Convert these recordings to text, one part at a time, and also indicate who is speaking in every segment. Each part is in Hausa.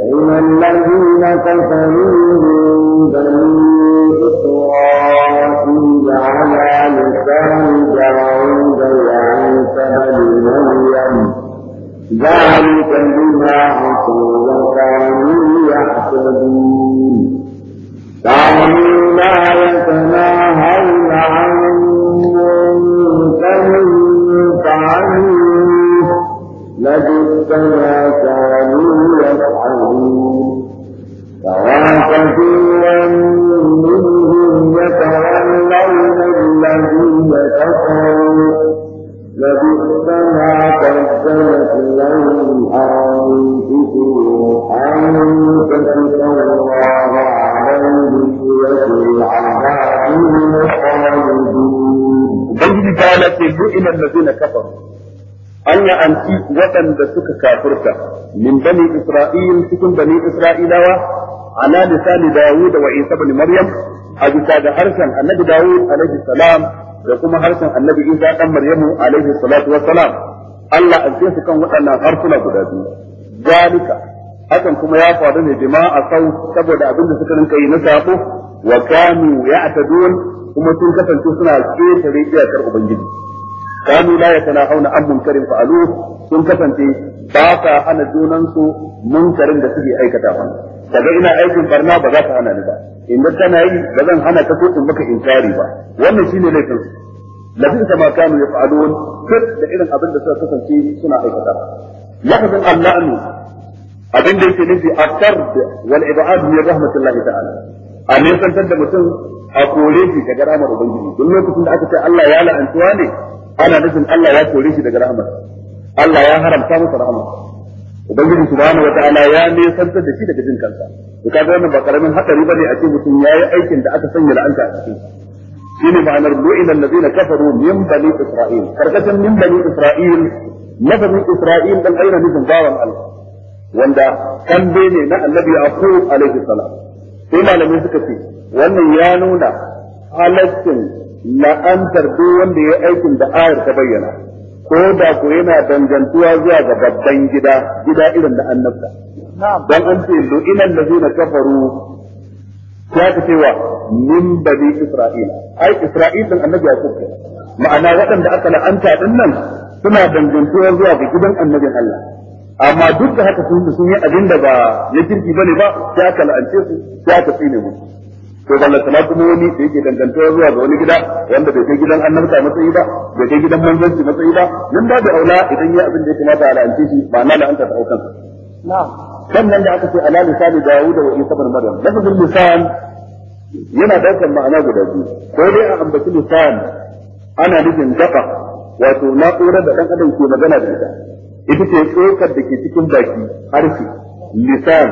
Speaker 1: فإن
Speaker 2: الذين كفروا من بني إسرائيل على لسان داود وعيسى بن مريم ذلك بما عصوا وكانوا يحسدون قالوا لا كانت لهم أنفسهم
Speaker 3: الذين كفروا أن أنتي وطن بسك كافرك من بني إسرائيل سكن بني إسرائيل على لسان داوود وعيسى بن مريم أبي كاد حرشا النبي داوود عليه السلام يقوم حرشا النبي إذا كان مريم عليه الصلاة والسلام Allah azza su kan waɗannan harsuna guda biyu zalika hakan kuma ya faru ne bima a sau saboda abin da suka rinka yi na sako wa kanu ya'tadun kuma sun kasance suna ƙetare iyakar ubangiji kanu la auna an munkarin fa'alu sun kasance ba sa hana junansu munkarin da suke aikata ba kaga ina aikin barna ba za ka hana ni ba in tana yi ba zan hana ka so in maka inkari ba wannan shine laifin su lafi da ya fa'alun kar da irin abin da suka kasance suna aikata lafazin allahu abin da yake nufi at-tard wal ibad min rahmatillahi ta'ala a nisantar da mutum a kore shi daga rahmar ubangiji duk lokacin da aka ce Allah ya la'antuwa ne ana nufin Allah ya kore daga rahmar Allah ya haramta masa rahmar ubangiji subhanahu ta'ala ya nisantar da shi daga jin kansa to kaga wannan ba karamin hadari bane a ce mutum yayi aikin da aka sanya la'anta a cikin shine ma'anar lu'ina allazina kafaru min bani isra'il karkashin min bani isra'il lafazin isra'il dan aina nufin bawan Allah wanda kan ne na annabi aqub alaihi salam sai malamai suka ce wannan ya nuna halaccin la'antar duk wanda ya aikin da ayar ta bayyana ko da ko yana dangantuwa zuwa ga babban gida gida irin da annabta dan an ce lu'ina allazina kafaru ya ta cewa min bani isra'ila ai isra'ilin annabi yaqub ma'ana waɗanda aka la'anta din nan suna dangantuwa zuwa ga gidan annabin Allah amma duk da haka sun sun yi abin da ba ya kirki bane ba sai aka la'ance su sai aka tsine mu. to da Allah kuma wani da yake dangantuwa zuwa ga wani gida wanda bai kai gidan annabta matsayi ba bai kai gidan manzanci matsayi ba nan da aula idan ya abin da ya kamata a la'ance shi ba na la'anta ta aukan na'am sannan da aka ce ala lisani Dawud wa Isa bin Maryam lafazin lisan yana daukar ma'ana guda biyu ko dai a ambaci lisan ana nufin gaba wato na na'urar da dan adam ke magana da ita ita ce tsokar da ke cikin baki harfi lisan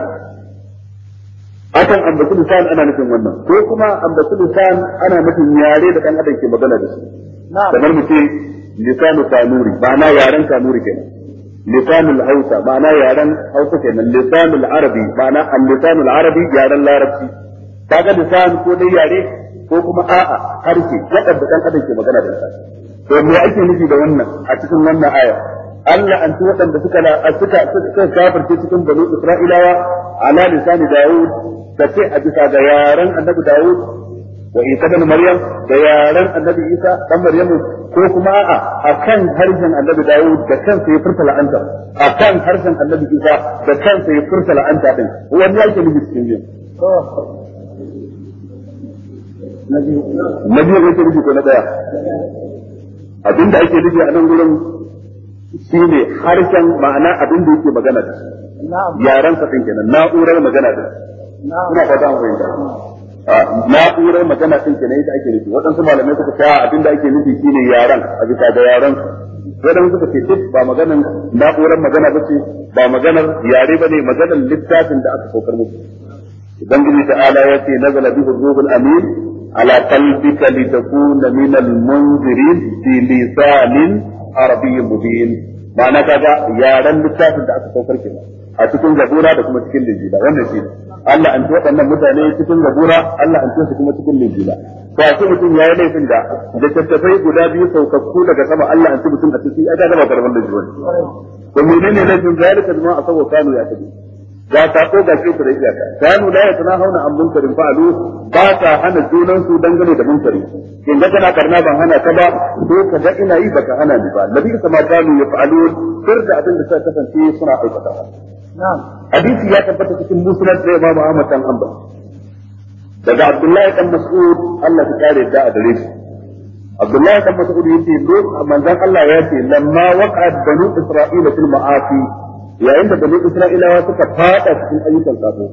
Speaker 3: akan ambaci lisan ana nufin wannan ko kuma ambaci lisan ana nufin yare da dan adam ke magana da shi kamar mu ce lisanu kanuri ba na yaren kanuri kenan lisanul hausa ma'ana yaren hausa kenan lisanul arabi ma'ana al-lisanul arabi yaren larabci kaga lisan ko dai yare ko kuma a'a harshe wadanda dan adam ke magana da shi to me ake nufi da wannan a cikin wannan aya Allah an ci waɗanda suka suka suka kafirce cikin bani Isra'ilawa ala lisani Dawud kace a bisa ga yaren annabi Dawud wa isa bin maryam da yaran annabi isa dan Maryam ko kuma a'a akan harshen annabi dawud da kansa ya furta la'anta akan harshen annabi isa da kansa ya furta la'anta din wani yake nufi cikin yin na biyu yake nufi ko na daya abinda ake nufi a nan gurin shine harshen ma'ana abin da yake magana da yaran sa din kenan na'urar magana da ina fata an na'urar magana din kenan ita ake nufi waɗansu malamai suka ce abin da ake nufi shine yaran a bisa ga yaran waɗansu suka ce duk ba maganan na'urar magana ba ce ba maganar yare ba ne maganar littafin da aka saukar gini ta ala ya ce nazala bihu ruhul amin ala li litakuna min al-munzirin fi lisanin arabiyyin mubin ma'ana kaga yaran littafin da aka saukar kenan a cikin zabura da kuma cikin linjila wannan shi Allah an waɗannan mutane cikin zabura Allah an su kuma cikin linjila to a mutum ya yi laifin da da tattafai guda biyu saukakku daga sama Allah an mutum a ciki a ga ba karban da jiwon to menene laifin zalika bima asawu kanu ya tabi ga sako ga shi da iyaka kanu la yatanahawna an munkarin fa'alu ba ta hana junan su dangane da munkari in ga kana karna ban hana ka ba to ka ga ina yi baka hana ni ba nabi sama kanu ya fa'alu sirda abin da suka kasance suna aikata hadisi ya tabbata cikin musulunci da Imam Ahmad dan Hanbal daga Abdullahi dan Mas'ud Allah ya kare da a gare shi Abdullahi dan Mas'ud yace lokacin manzan Allah ya ce lamma waqa'at banu Isra'ila fil ma'asi yayin da banu Isra'ilawa suka fada cikin ayyukan sabo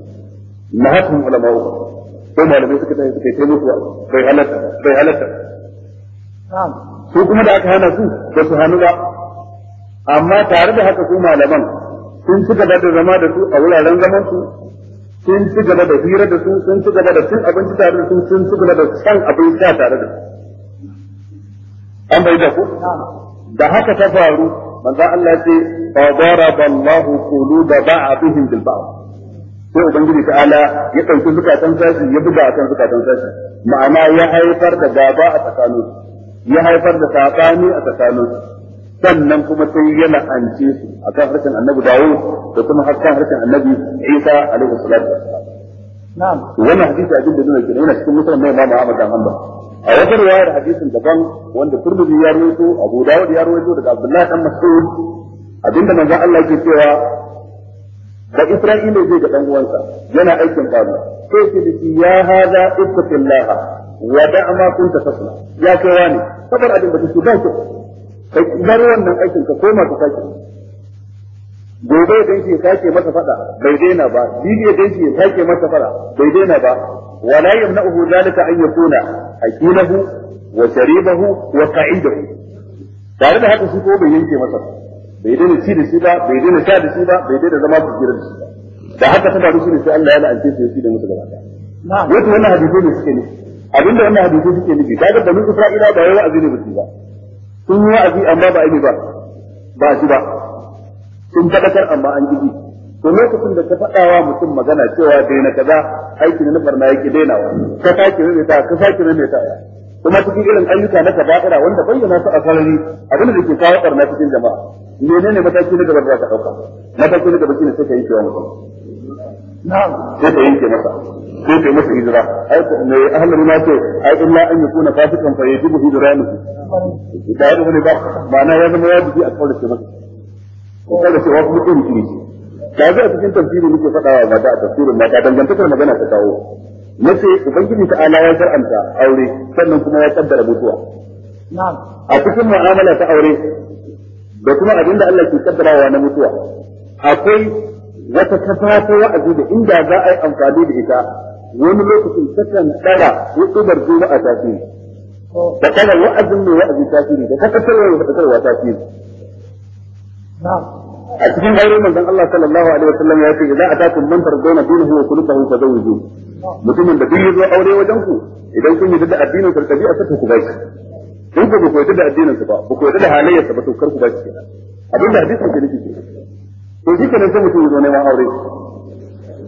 Speaker 3: nahatuhum ulama'u ko malamai suka tafi suka yi musu bai halatta bai halatta su kuma da aka hana su da su hannu ba amma tare da haka su malaman sun ci gaba da zama da su a wuraren zaman su sun ci gaba da hira da su sun ci gaba da cin abinci tare da su sun ci gaba da san abin sha tare da su an bai da ku da haka ta faru manzo Allah ya ce fa daraba Allahu quluba ba'dihim bil ba'd sai ubangiji ala ya ɗauki zukatan sashi ya buga akan zukatan sashi ma'ana ya haifar da gaba a tsakaninsu ya haifar da saɓani a tsakaninsu sannan kuma sai ya la'ance su akan harshen annabi dawo da kuma kan harshen annabi Isa alaihi salatu na'am wannan hadisi a da nuna kenan yana cikin musulman mai Imam Ahmad dan Hanbal a wata riwayar hadisin daban wanda Tirmidhi ya rawaito Abu Dawud ya rawaito daga Abdullah dan Mas'ud abinda manzo Allah yake cewa da Isra'ila zai ga dan uwansa yana aikin kaza sai ce da shi ya hada ittaqillaha wa da'ama kunta tasna ya kai wani sabar abin da kake ba ku kai bar wannan aikin ka koma ka sake gobe ya danki ya sake masa fada bai daina ba ya danki ya sake masa fada bai daina ba wala yamna'uhu zalika an yakuna aqilahu wa sharibahu wa qa'idahu tare da haka shi ko bai yanke masa bai daina ci da shi ba bai daina sha da shi ba bai daina zama da da shi ba da haka ta faru shi ne sai Allah ya la'ance su ya ci da musu gaba
Speaker 2: ɗaya wato wannan hadisi
Speaker 3: ne suke nufi abinda wannan hadisi suke nufi kaga banu Isra'ila ba wai wa'azi ne ba sun yi wa'azi amma ba a ba ba shi ba sun faɗakar amma an gidi to lokacin da ka faɗawa mutum magana cewa daina kaza aiki na na yake wa ka sake ne ta ka sake ne ta kuma cikin irin ayyuka na kaba'ira wanda bayyana su a sarari abin da ke kawo ɓarna cikin jama'a menene mataki na gaba da ka ɗauka mataki na gaba shine sai ka yi cewa mutum sai ta yanke masa sai ta masa hijira ai mai ahlul ma ce ai illa an yakuna fasikan fa yajibu hijranuhu da yadda wani ba ma'ana ya zama ya bi a kaurace masa ko kaurace wa kuma irin shi da zai a cikin tafsirin muke faɗa wa mata a tafsirin mata dangantakar magana ta kawo nace ubangiji ta ala ya shar'anta aure sannan kuma ya kaddara mutuwa a cikin ta aure da kuma abinda Allah ke kaddarawa na mutuwa akwai wata kafa ta wa'azi da inda za a yi amfani da ita wani lokacin takan tsara hudubar juma'a tasiri da tsara wa'azin mai wa'azi tasiri da ta wani da takatarwa tasiri a cikin aure manzon Allah sallallahu alaihi wasallam ya ce idza atakum man tardawna dinahu wa kulluhu fazawiju mutumin da duk yazo aure wajen ku idan kun yi da addinin sa tabi'a sa ku bai. in ku ba ku yi da addinin sa ba ku yi da halayyar sa ba to kar ku bashi kenan abinda hadisin ke nufi kenan to shi kenan sai mutum ya zo neman aure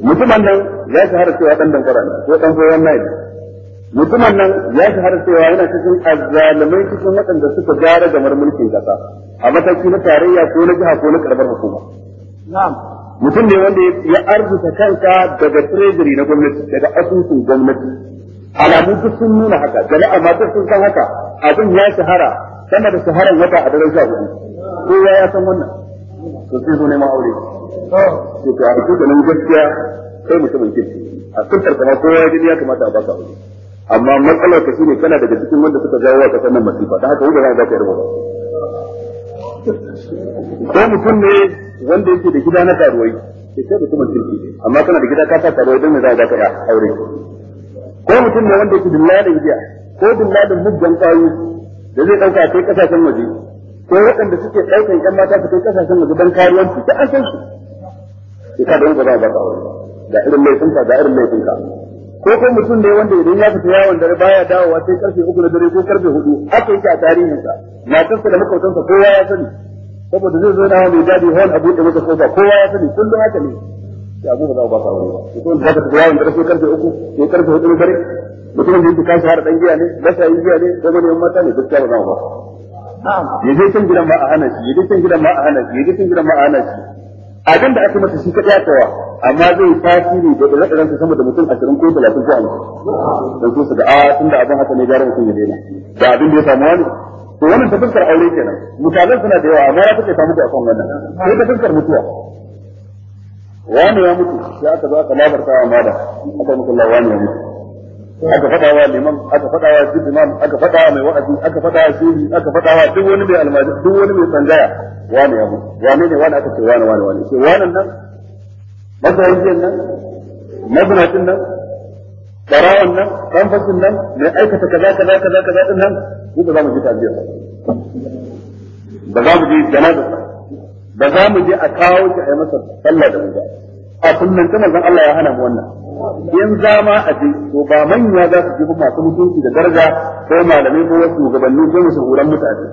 Speaker 3: mutumin nan ya shahara cewa dan dankara ne ko dan koyon nai mutumin nan ya shahara cewa yana cikin azzalumai cikin waɗanda suka gara gamar mulkin kasa a mataki na tarayya ko na jiha ko na karbar hukuma na'am mutum ne wanda ya arzuta kanka daga treasury na gwamnati daga asusun gwamnati alamu duk sun nuna haka jama'a ma duk sun san haka abin ya shahara sama da shaharan wata a daren sha hudu kowa ya san wannan to sai zo neman aure to ka rubuta da nan gaskiya kai mutumin kirki a kuntar kama kowa ya gani ya kamata a baka aure amma matsalar ka shine kana daga cikin wanda suka jawo a kasar masifa da haka wanda za ka yarwa ba ko mutum ne wanda yake da gida na karuwai sai kai mutumin kirki amma kana da gida ka sa karuwai don me za ka ya aure ko mutum ne wanda yake dillalin giya ko da dillalin muggan kayu da zai dauka kai kasashen waje ko waɗanda suke ɗaukan ƴan mata su kai kasashen waje don su ta an san su ka don gaba za a ba ga irin laifinka ga irin laifinka ko ko mutum ne wanda idan ya fita yawon dare baya dawowa sai karfe uku na dare ko karfe hudu haka yi a tarihinsa matarsa da makwabtansa kowa ya sani saboda zai zo na wani dadi hon Abu da masa kofa kowa ya sani kullum haka ne ya abu ba za a baka wani ba ko da ka fita yawon dare sai karfe uku sai karfe hudu na dare mutumin da yake kashi har ɗan giya ne masa yi giya ne ko mani yan mata ne gaskiya ba za a ba ya je can gidan ma a hana shi ya je can gidan ma a hana shi ya je can gidan ma a hana shi abin da aka masa shi kaɗai aka wa amma zai tasiri da ɗaɗɗaren sa sama da mutum ashirin ko talatin ko hamsin don su ga a ah, tunda abin haka ne gara mutum ya daina da abin da ya samu wani to wannan ta fuskar aure kenan misalan suna da yawa amma ya fuskar ta mutu akan wannan sai ta fuskar mutuwa wani ya mutu sai aka zo aka labarta wa mada aka mutu wani ya mutu aka faɗa wa liman aka faɗa wa duk imam aka faɗa wa mai wa'azi aka faɗa wa shehi aka faɗa wa duk wani mai almajir duk wani mai tsangaya wani abu wani ne wani aka ce wani wani wani ce wannan nan masahajiyan nan mazinacin nan barawan nan ɗan fasin nan mai aikata kaza kaza kaza kaza din nan duk da za mu ji ta'aziyar ba za mu ji janazar ba za mu je a kawo shi a yi masa sallah da mu ba a sunan ta manzon Allah ya hana mu wannan in zama a ji to ba manya za su ji masu mutunci da daraja ko malamai ko wasu shugabanni ko wasu horan mutane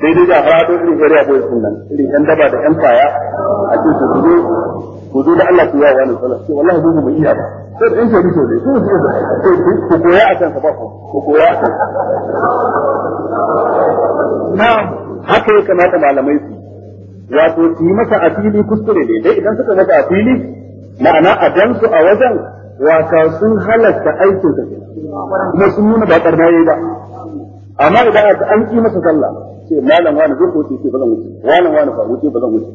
Speaker 3: sai dai da fara dole ne ya boye sunan irin yan daba da yan kaya a ce su zo ku zo da Allah ku yawa wannan sallah sai wallahi mu mu iya ba sai in ce mutu ne sai ku koya a kan sabako ku koya a kan na haka ya kamata malamai su wato su yi masa a fili kuskure ne dai idan suka masa a fili ma'ana a dan su a wajen wata sun halatta aikin sa kuma sun nuna ba karna yayi ba amma idan aka an ki masa sallah sai malam wani zai ko ce ba zan wuce malam wani fa wuce ba zan wuce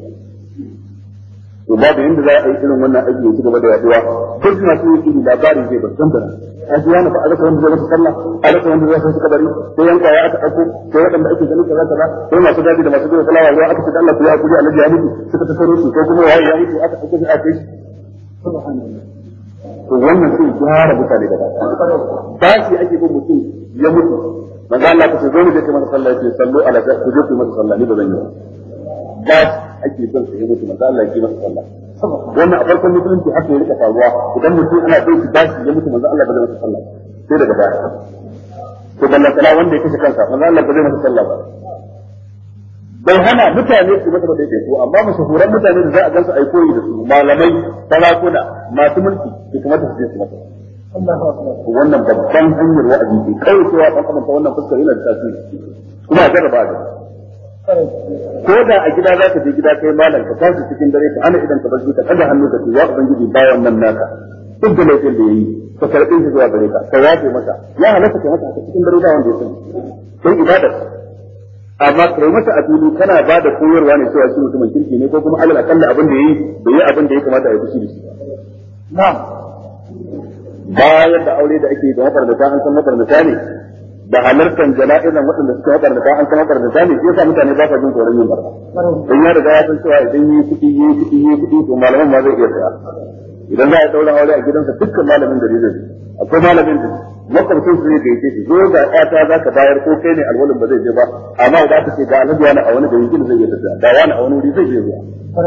Speaker 3: to babu inda za a yi irin wannan aiki ya ci gaba da yaduwa duk na su yi labarin zai bar tambara a ji yana fa a rasa wanda zai masa sallah a rasa wanda zai masa kabari sai yanka ya aka ɗauko sai waɗanda ake ganin kaza kaza sai masu gadi da masu gadi fulawa ya aka ce Allah ku ya kuri alaji ya mutu suka ta saro shi ko kuma waye ya mutu aka ɗauko shi a kai shi to wannan sun gyara mutane da ba shi ake bin mutum ya mutu manzo Allah ce zo mu je sallah ala ku je ku sallah ba zan yi ba ake bin sa ya mutu manzo Allah sallah wannan a farkon musulunci rika faruwa idan mutum ana shi ya mutu manzo Allah ba zai masa sallah sai daga baya to wanda ya kashe kansa manzo Allah ba zai masa sallah ba bai hana mutane su masa da ko amma mashahuran mutane da za a gansu ai koyi da su malamai sarakuna masu mulki su kuma su je su masa wannan babban hanyar wa'azi ce kawai cewa dan adam ta wannan fuskar yana da tasiri kuma a jarraba da ko da a gida za ka je gida kai malam ka tashi cikin dare ka ana idan ka bar ka kada hannu ka ce ya ubangiji bayan nan naka duk da laifin da yayi ka karɓe shi zuwa gare ka ka yafe masa ya halatta ka masa cikin dare da wanda ya sani sai ibadar amma kai masa a fili kana ba da koyarwa ne cewa shi mutumin kirki ne ko kuma alal akalla abin da yayi da yi abin da ya kamata a yi fushi da shi na'am bayan da aure da ake da mafarnata an san mafarnata ne da halartar jana'izan waɗanda suka mafarnata an san mafarnata ne shi yasa mutane ba sa jin tsoron yin barka
Speaker 1: dan ya riga
Speaker 3: ya san cewa idan yi kuɗi yi kuɗi yi kuɗi to malaman ma zai iya tsaya idan za a yi ɗaurin aure a gidansa dukkan malamin da zai akwai malamin da makwabcin su zai gaice shi zo ga ƴata za ka bayar ko kai ne alwalin ba zai je ba amma idan aka ce ga annabi wani a wani gari gina zai yi tafiya da wani a wani wuri zai je zuwa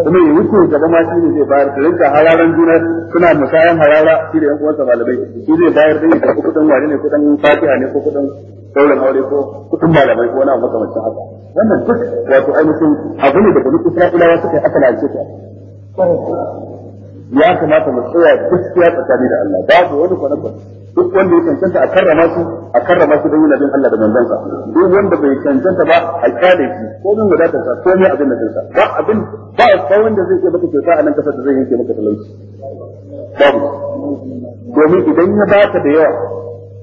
Speaker 3: kuma ya wuce gaba ma shi ne zai bayar da rinka hararan juna suna musayan harara shi da ƴan uwansa malamai shi zai bayar da yin kuɗin wani ne kuɗin fatiha ne ko kuɗin sauran aure ko kuɗin malamai ko wani abu makamancin haka wannan duk wato ainihin abu ne da bani isra'ilawa suka yi akala ce ta ya kamata mu tsaya gaskiya tsakani da Allah babu wani kwanan duk wanda ya cancanta a karrama su a karrama su don yana bin Allah da manzansa duk wanda bai cancanta ba a kyale shi ko mun wadatar sa ko mai abin da kansa ba abin ba ba wanda zai ce maka kyauta a nan kasar da zai yanke maka talauci babu
Speaker 2: domin
Speaker 3: idan ya baka da yawa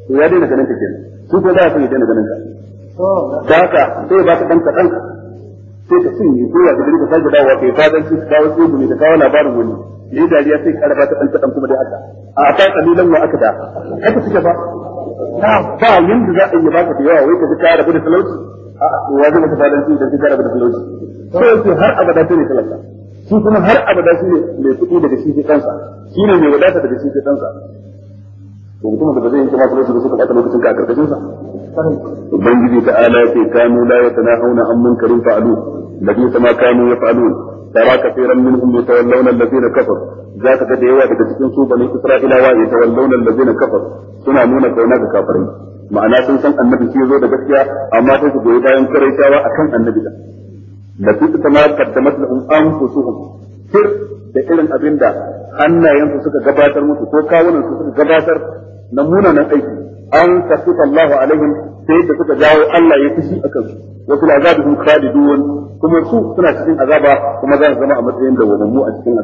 Speaker 3: to ya daina ganin ka kenan su ko za su yi daina ganin ka da haka sai ba ka dan kaɗan sai ka cinye ko ya ga ka sake dawowa kai fadanci ka kawo tsibiri da kawo labarin wani yayi dariya sai karba ta dan kuma dai haka a ta kalilan wa aka da haka suke ba ba yanda za a yi baka da yawa wai ka ka rabu da talauci a maka fadan shi da ka rabu da talauci har abada sai ne talaka shi kuma har abada shi ne mai kudi daga shi ke kansa shi ne mai wadata daga shi ke kansa to mutum da bazai yi kuma talauci da suka bata lokacin ka a karkashin sa ubangiji ta ala ce kanu la yatanahuna an munkarin fa'alu nabi sama kanu yaf'alun ترى كثيرا منهم يتولون الذين كفروا ذاك قد يوا daga cikin su bani isra'ila wa yatawallawna allazina kafaru suna nuna kauna ga kafirai ma'ana sun san annabi shi zo da gaskiya amma sai su goyi bayan karaitawa akan annabi da da su kuma kaddamat lahum anfusuhum sir da irin abinda hannayensu suka gabatar musu ko kawunan su suka gabatar na munanan aiki an tafi Allahu alaihim sai da suka jawo Allah ya fushi akan su وفي العذاب هم خالدون kuma su سنة سنة azaba kuma za زماء مدين لو matsayin da wamammu a cikin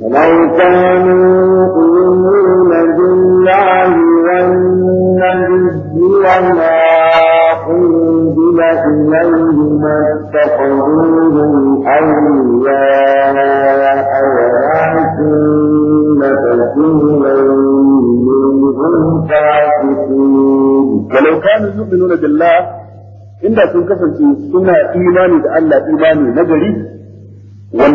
Speaker 2: ولو كانوا يؤمنون بالله والنبي وما أنزل إليه ما اتخذوهم أولياء ولكن كثيرا منهم
Speaker 3: فاسقون walau kanu yu'minuna billah inda sun kasance suna imani da Allah imani na gari wan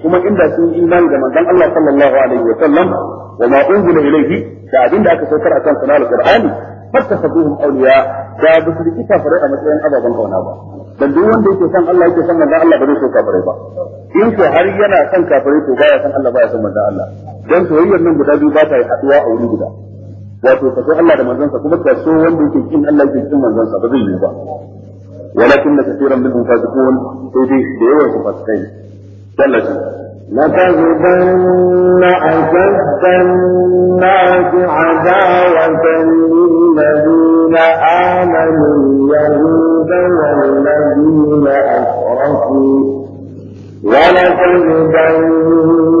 Speaker 3: kuma inda sun imani da manzon Allah sallallahu alaihi wa sallam wa ma unzila ilayhi da abinda aka saukar a kan sunan alqur'ani fattasabuhum awliya da ba su riki a matsayin ababen kauna ba dan wanda yake son Allah yake son manzon Allah ba zai so ba in ko har yana son kafirai to baya son Allah baya son manzon Allah dan soyayyar nan guda biyu ba ta haɗuwa a wuri guda wato ka so Allah da manzansa kuma ka so wanda yake kin Allah yake kin manzansa ba zai yi ba walakin kaseeran bin fasiqun sai dai da yawan su fasikai la tallace لتجدن أشد
Speaker 2: الناس عداوة للذين ladina اليهود والذين أشركوا ولتجدن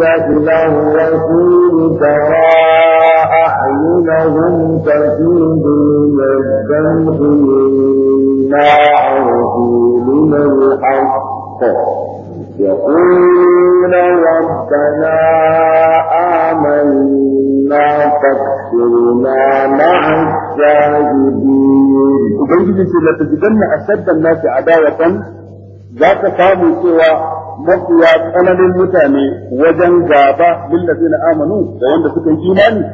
Speaker 2: قيل إلى الرسول ترى أعينهم تفيض من الدمع مما عرفوا من الحق يقولون ربنا آمنا فاكفرنا مع الشاهدين. وبين ذلك لتجدن أشد الناس عداوة
Speaker 3: ذاك قاموا سوى mafiya tsananin mutane wajen gaba na amanu da wanda suka yi imani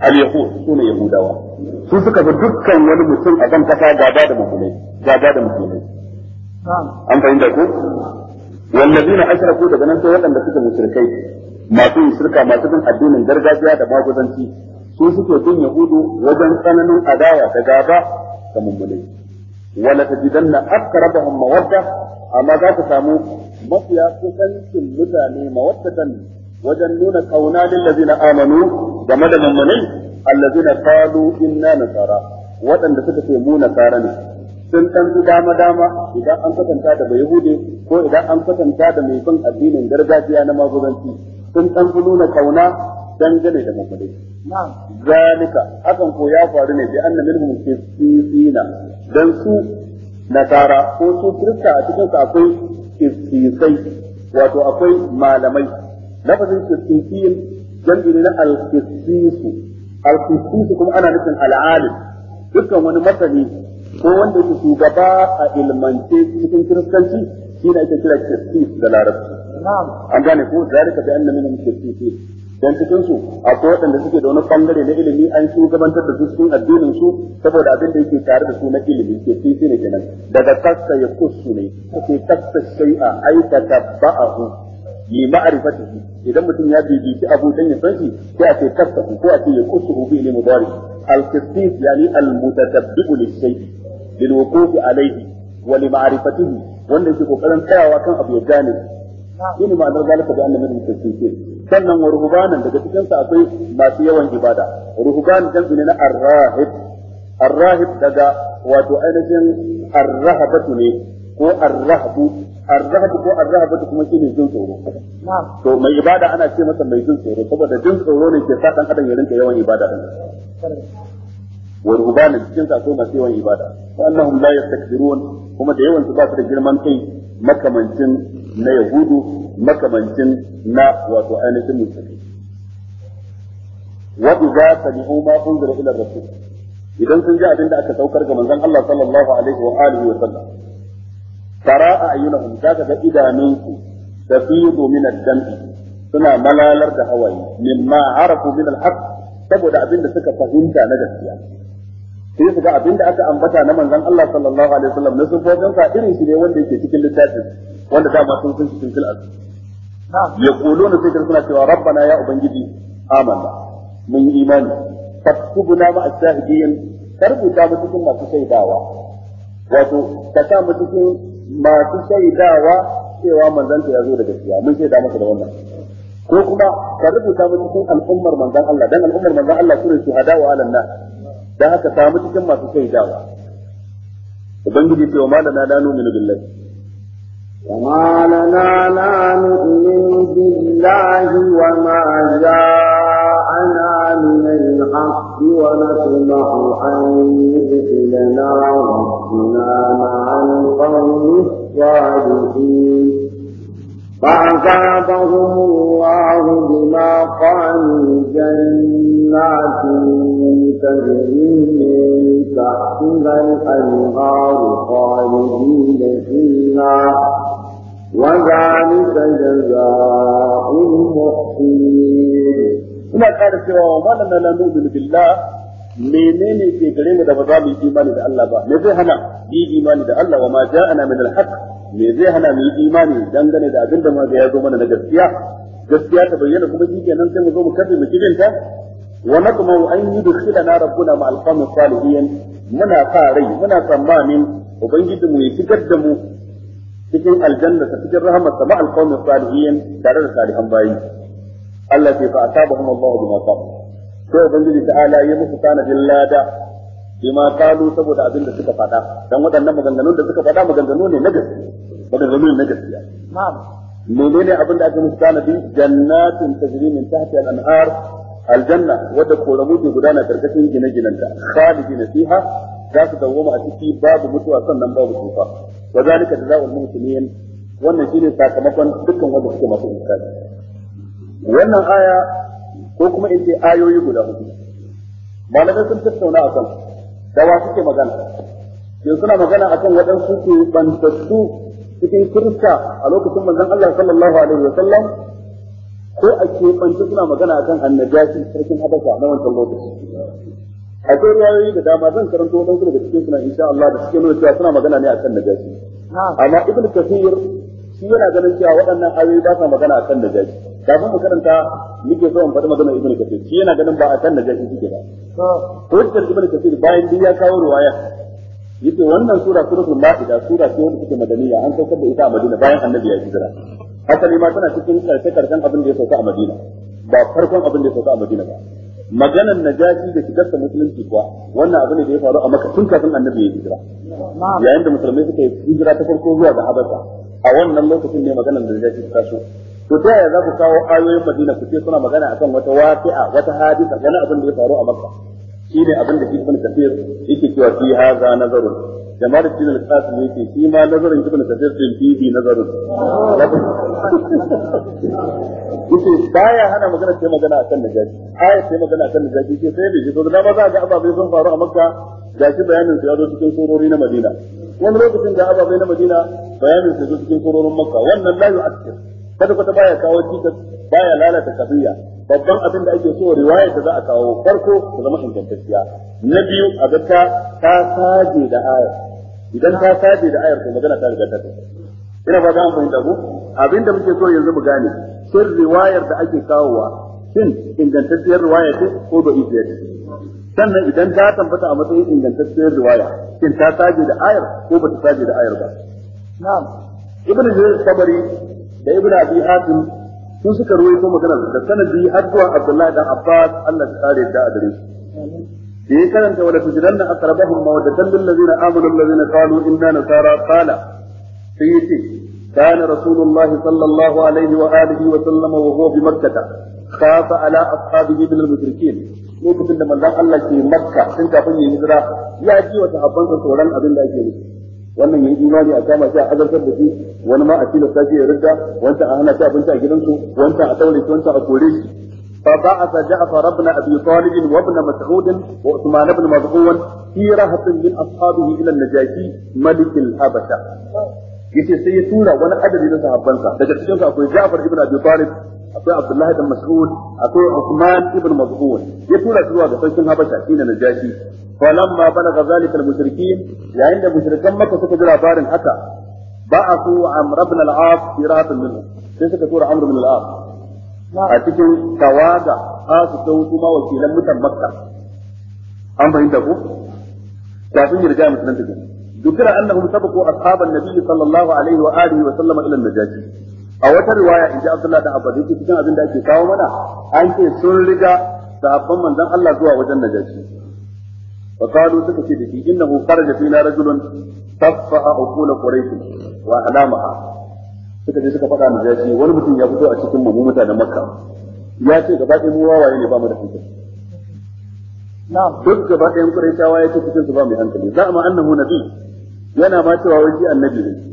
Speaker 3: al-yahud sune yahudawa su suka bi dukkan wani mutum a kan kasa gaba da musulmai gaba da musulmai an fahimta ko wallazina ashraku daga nan sai waɗanda suka mushrikai masu yin shirka masu bin addinin gargajiya da maguzanci su suke bin yahudu wajen tsananin adawa da gaba da mummunai wala tajidanna aqrabahum mawadda amma za ka samu mafiya kusancin mutane mawaddatan wajen nuna kauna lil ladina amanu game da mummunai allazina qalu inna nasara waɗanda suka ce mu nasara ne sun dan bi dama dama idan an kasanta da bai hude ko idan an kasanta da mai son addinin gargajiya na magudanci sun dan bi nuna kauna dangane da mummunai zalika hakan ko ya faru ne bi annal mu'minina dan su nasara ko su kirista a cikin akwai kisisai wato akwai malamai lafazin kisisiyin jam'i ne na al-kisisu kuma ana nufin al-alim dukkan wani masani ko wanda yake shugaba a ilmance cikin kiristanci shi ne ake kira kisis da larabci an gane ko zalika bi anna minhum kisisiyin dan cikin su akwai waɗanda suke da wani bangare na ilimi an shugabantar da su cikin addinin su saboda abin da yake tare da su na ilimi ke fi ne kenan daga kasta ya kusu ne kake kasta shay'a ai ka tabba'ahu yi ma'rifatihi idan mutum ya bibiyi abu dan ya san shi sai a ce kasta ko a ce ya kusu bi ilmi mudari al-qistis yani al-mutatabbi'u lis-shay'i lil-wuqufi alayhi wa li ma'rifatihi wanda yake kokarin tsayawa kan abu ya gane shine ma'anar galaka da annabi da tafsiri sannan ruhubanan daga cikin sa akwai masu yawan ibada ruhuban dan ne na arrahib arrahib daga wato ainihin arrahabatu ne ko arrahabu arrahabu ko arrahabatu kuma shine jin tsoro to mai ibada ana ce masa mai jin tsoro saboda jin tsoro ne ke sa dan adam ya rinka yawan ibada din wa ruhbanan cikin sa akwai masu yawan ibada wa annahum la yastakbirun kuma da yawan su ba su da girman kai makamancin na yahudu makamancin na wato ainihin musulmi wa idza sami'u ma unzila ila rasul idan sun ji abin da aka saukar ga manzon Allah sallallahu alaihi wa alihi wa sallam tara a ayyunahum zaka ga idanunsu tafidu min ad-dam'i suna malalar da hawaye mimma arafu min al-haqq saboda abin da suka fahimta na gaskiya sai su ga abin da aka ambata na manzon Allah sallallahu alaihi wasallam na sufofin sa irin shi ne wanda yake cikin littafin wanda ma sun sun cikin fil ardi
Speaker 1: yaquluna sai
Speaker 3: suna cewa rabbana ya ubangiji amanna mun yi imani fatkubuna ma ash-shahidin karbuta mu cikin masu shaidawa wato ka sa mu cikin masu shaidawa cewa manzon ya zo da gaskiya mun shaida masa da wannan ko kuma ka rubuta mu cikin al'ummar manzon Allah dan al'ummar manzon Allah sune shuhada wa alannas da haka samu cikin masu sai dawa ubangiji ce wa malana la nu'minu billahi wa malana la nu'minu billahi
Speaker 2: wa ma ja'ana min al-haqq wa nasma'u an yudkhilana rabbuna ma'al qawmi فأثابهم الله بما قالوا جنات تجري من تحتها الأنهار خالدين فيها وذلك جزاء
Speaker 3: المحسنين. ثم قال سوى ومن لا نؤمن بالله menene ke gare mu da ba za mu yi imani da Allah ba me zai hana yi imani da Allah wa ma ja'ana min al-haq me zai hana mu yi imani dangane da abin da ma ya zo mana na gaskiya gaskiya ta bayyana kuma shi kenan sai mu zo mu kafe mu kijinta wa naqmu an yudkhilana rabbuna ma al-qawmi salihin muna sa rai muna tsammanin ubangiji mu ya shigar da mu cikin aljanna ta cikin rahmat sama al-qawmi salihin tare da salihan bayi Allah ya fa asabahum Allah bima qalu sai ubangiji ta'ala ya musu tanadin lada bima kalu saboda abin da suka faɗa dan waɗannan maganganun da suka faɗa maganganu ne na gaskiya maganganu ne na gaskiya menene abin da aka musu tanadi jannatin tajri min tahti al-anhar aljanna wadda koramu ke gudana karkashin gine-ginenta khalidina fiha za su dawwama a ciki babu mutuwa sannan babu tsufa wa zalika jazaa'ul muhsinin wannan shine sakamakon dukkan wanda suke masu ihsani wannan aya ko kuma in ce ayoyi guda hudu malamai sun tattauna a kan da wa suke magana yanzu suna magana a kan waɗansu ke bantattu cikin kirista a lokacin manzon Allah sallallahu alaihi wa sallam ko a ke keɓance suna magana a kan annajashi sarkin habasha na wancan lokaci akwai riwayoyi da dama zan karanto wadansu daga cikin suna insha Allah da suke nuna cewa suna magana ne akan najashi amma ibn kasir shi yana ganin cewa waɗannan ayoyi ba sa magana akan najashi kafin mu karanta muke so in faɗi magana ibnu kasir shi yana ganin ba a kan da jahi suke ko hujjar ibnu kasir bayan duk ya kawo ruwaya yace wannan sura suratul maida sura ce wanda take madaniya an saukar da ita a Madina bayan annabi ya hijira ne ma tana cikin karshe karshen abin da ya sauka a Madina ba farkon abin da ya sauka a Madina ba maganan najashi da shigar da musulunci kuwa wannan abin da ya faru a Makka tun kafin annabi ya hijira yayin da musulmai suka yi hijira ta farko zuwa ga Habasha a wannan lokacin ne maganan najashi ta taso to ta yaya za ku kawo ayoyin Madina ku ce suna magana akan wata waqi'a wata hadisa wani abin da ya faru a Makka Shi ne abin da Ibn Kathir yake cewa fi hadha nazarun jama'ar din al-qasim yake shi ma nazarin Ibn kafir, din fi bi nazarun yake baya hana magana sai magana akan najashi aya sai magana akan najashi sai sai da to da ba za ga ababe sun faru a Makka da shi bayanin su ya zo cikin surori na Madina wani lokacin da ababai na Madina bayanin su zo cikin surorin Makka wannan la yu'akkir kwata kwata baya kawo cikas baya lalata kabiya babban abin da ake so riwaya da za a kawo farko ta zama ingantacciya na biyu a ga ta ta saje da ayar idan ta saje da ayar to magana ta riga ta tafi ina ba za mu fahimta ko abin da muke so yanzu mu gane shin riwayar da ake kawowa shin ingantacciyar riwaya ce ko da ijiyar sannan idan ta tabbata a matsayin ingantacciyar riwaya shin ta saje da ayar ko ba ta saje da ayar ba na'am ibnu jarir tabari da ibnu abi hatim su suka ruwaito magana da sanadi har zuwa abdullahi dan abbas Allah ya kare da adare da ya karanta wala tujidanna aqrabahum mawaddatan lil ladina amanu alladhina qalu inna nasara qala sai yace كان رسول الله صلى الله عليه وآله وسلم وهو بمكة خاف على أصحابه من المشركين لوكتن لما الله الله في مكة سنتا فني هجرة يأتي وتحبان رسولان أبن الله wannan yayi imani a kama shi a azabtar da shi wani ma a cikin shi ya ridda wanda a hana shi abinci a gidansu wanda a daure shi a kore shi فبعث جعفر بن ابي طالب وابن مسعود وعثمان بن مظعون في رهط من اصحابه الى النجاشي ملك الحبشه yace sai ya tura wani adadi na sahabbansa daga cikin su akwai Ja'far ibn Abi Talib akwai Abdullah ibn Mas'ud akwai Uthman ibn Mas'ud. ya tura su zuwa ga sarkin Habasha shine Najashi falamma balagha zalika al-mushrikin yayin da mushrikan Makka suka ji labarin haka ba'athu Amr ibn al-As firatan minhu sai suka tura Amr ibn al-As a cikin tawaga asu ta wuce ma wakilan mutan Makka an bayyana ku kafin ya riga musulunta ذكر أنهم سبقوا أصحاب النبي صلى الله عليه وآله وسلم إلى النجاشي a wata riwaya in ji Abdullah da Abbas yake cikin abin da ake kawo mana an ce sun riga sahabban manzon Allah zuwa wajen najashi fa qalu suka ce dake innahu kharaja fina rajulun taffa'a uqul quraish wa ahlamaha suka ce suka faɗa najashi wani mutum ya fito a cikin mu mutanen Makka ya ce gaba ɗaya mu wawaye ne ba mu da hankali Na duk gaba ɗaya Qurayshawa ya ce cikin su ba mu hankali za ma annahu nabi yana ma cewa wai shi annabi ne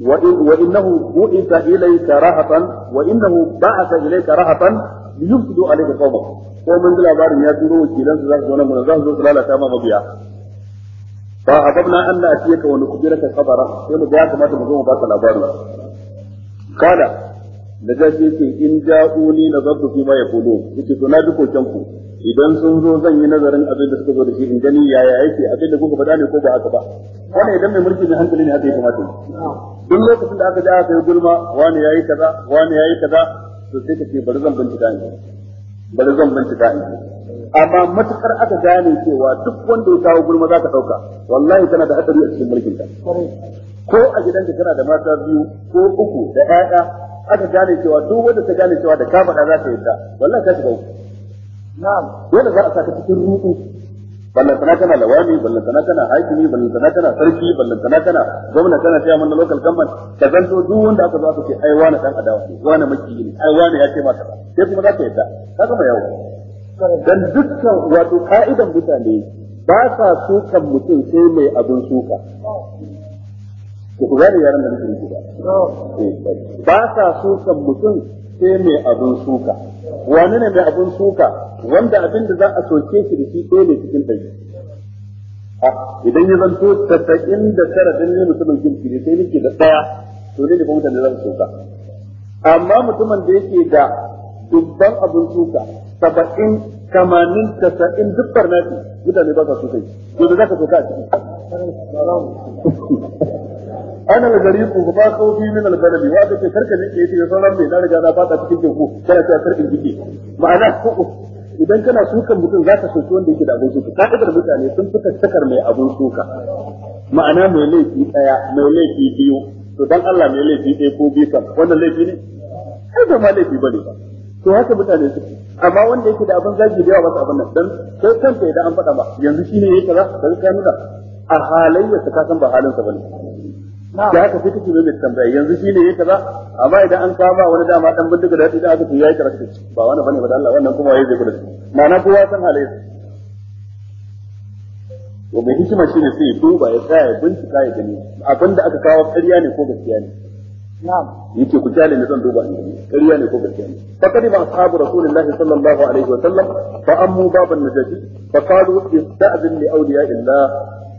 Speaker 3: wa innahu bu'itha ilayka rahatan wa innahu ba'atha ilayka rahatan liyufsidu alayka qawmak ko mun ji labarin ya turo wakilansa za su zo nan za su zo su lalata ma mabiya fa hababna an na'tiyaka wa nukbiraka khabara sai ya kamata mu zo mu baka labarin kala da ga yake in ja'uni nazartu fi ma yaqulu yake to na ji kokenku idan sun zo zan yi nazarin abin da suka zo da shi in gani yaya yake abin da kuka faɗa ne ko ba haka ba wani idan mai mulki mai hankali ne haka ya kamata duk lokacin da aka ji aka yi gulma wani yayi kaza wani yayi kaza to sai ka ce bari zan bincika ne bari zan bincika ne amma matukar aka gane cewa duk wanda ya kawo gulma za ka ɗauka wallahi kana da hadari a cikin mulkin ka ko a gidanka kana da mata biyu ko uku da ƴaƴa aka gane cewa duk wanda ta gane cewa da ka faɗa za ta yi ta, wallahi ka shiga uku dole za a saka cikin ruɗu ballantana kana lawami ballantana kana hakimi ballantana kana sarki ballantana kana gwamna kana taya mana local government ka zanto duk wanda aka zo aka ce ai wani dan adawa ne wani maki ne ai wani ya ce maka sai kuma za ka yadda ka gama yawa. dan dukkan wato ka'idan mutane ba sa sukan mutum sai mai abin suka ko ku gane yaran da nake ba eh, ba sa sukan mutum sai mai abun suka wani ne mai abun suka wanda abin da za a soke shi da shi ɗaya ne cikin ɗari ah, idan ya zanto tasa'in da tara ɗin ne mutumin kirki ne sai nake da ɗaya to ne ba mutane zan su soka amma mutumin da yake da dubban abun suka saba'in tamanin tasa'in duk farnati mutane ba sa sosai. to za ka soka a ciki أنا al-ghariqu ba من البلد al-ghalab wa ka ce karka ne ke yi sauran bai na riga na fada cikin teku kana cewa karka jike ma'ana idan kana sukan mutum za ka soki wanda yake da abin suka ka'idar mutane sun fi tattakar mai abin suka ma'ana mai laifi daya mai laifi biyu to dan Allah mai laifi ɗaya ko biyu to haka mutane su amma wanda yake da abin zaki da yawa masa abin nan dan sai ta idan an faɗa ba yanzu shine yake da, dan ka nuna a halayyarsa ta kasan ba sa bane da haka sai kake mai tambaya yanzu shi ne ya ba amma idan an kama wani dama dan bindiga da ta aka ya yi karatu ba wani bane ba Allah wannan kuma ya zai kula na kowa san halayen to mai hikima shi ne sai duba ya tsaya ya bincika ya gani abinda da aka kawo ƙarya ne ko gaskiya ne yake ku kyale ne zan duba ne gani ƙarya ne ko gaskiya ne fa kadi ba ashabu rasulullahi sallallahu alaihi wa sallam fa ammu baban najati fa qalu ista'zin li awliya illah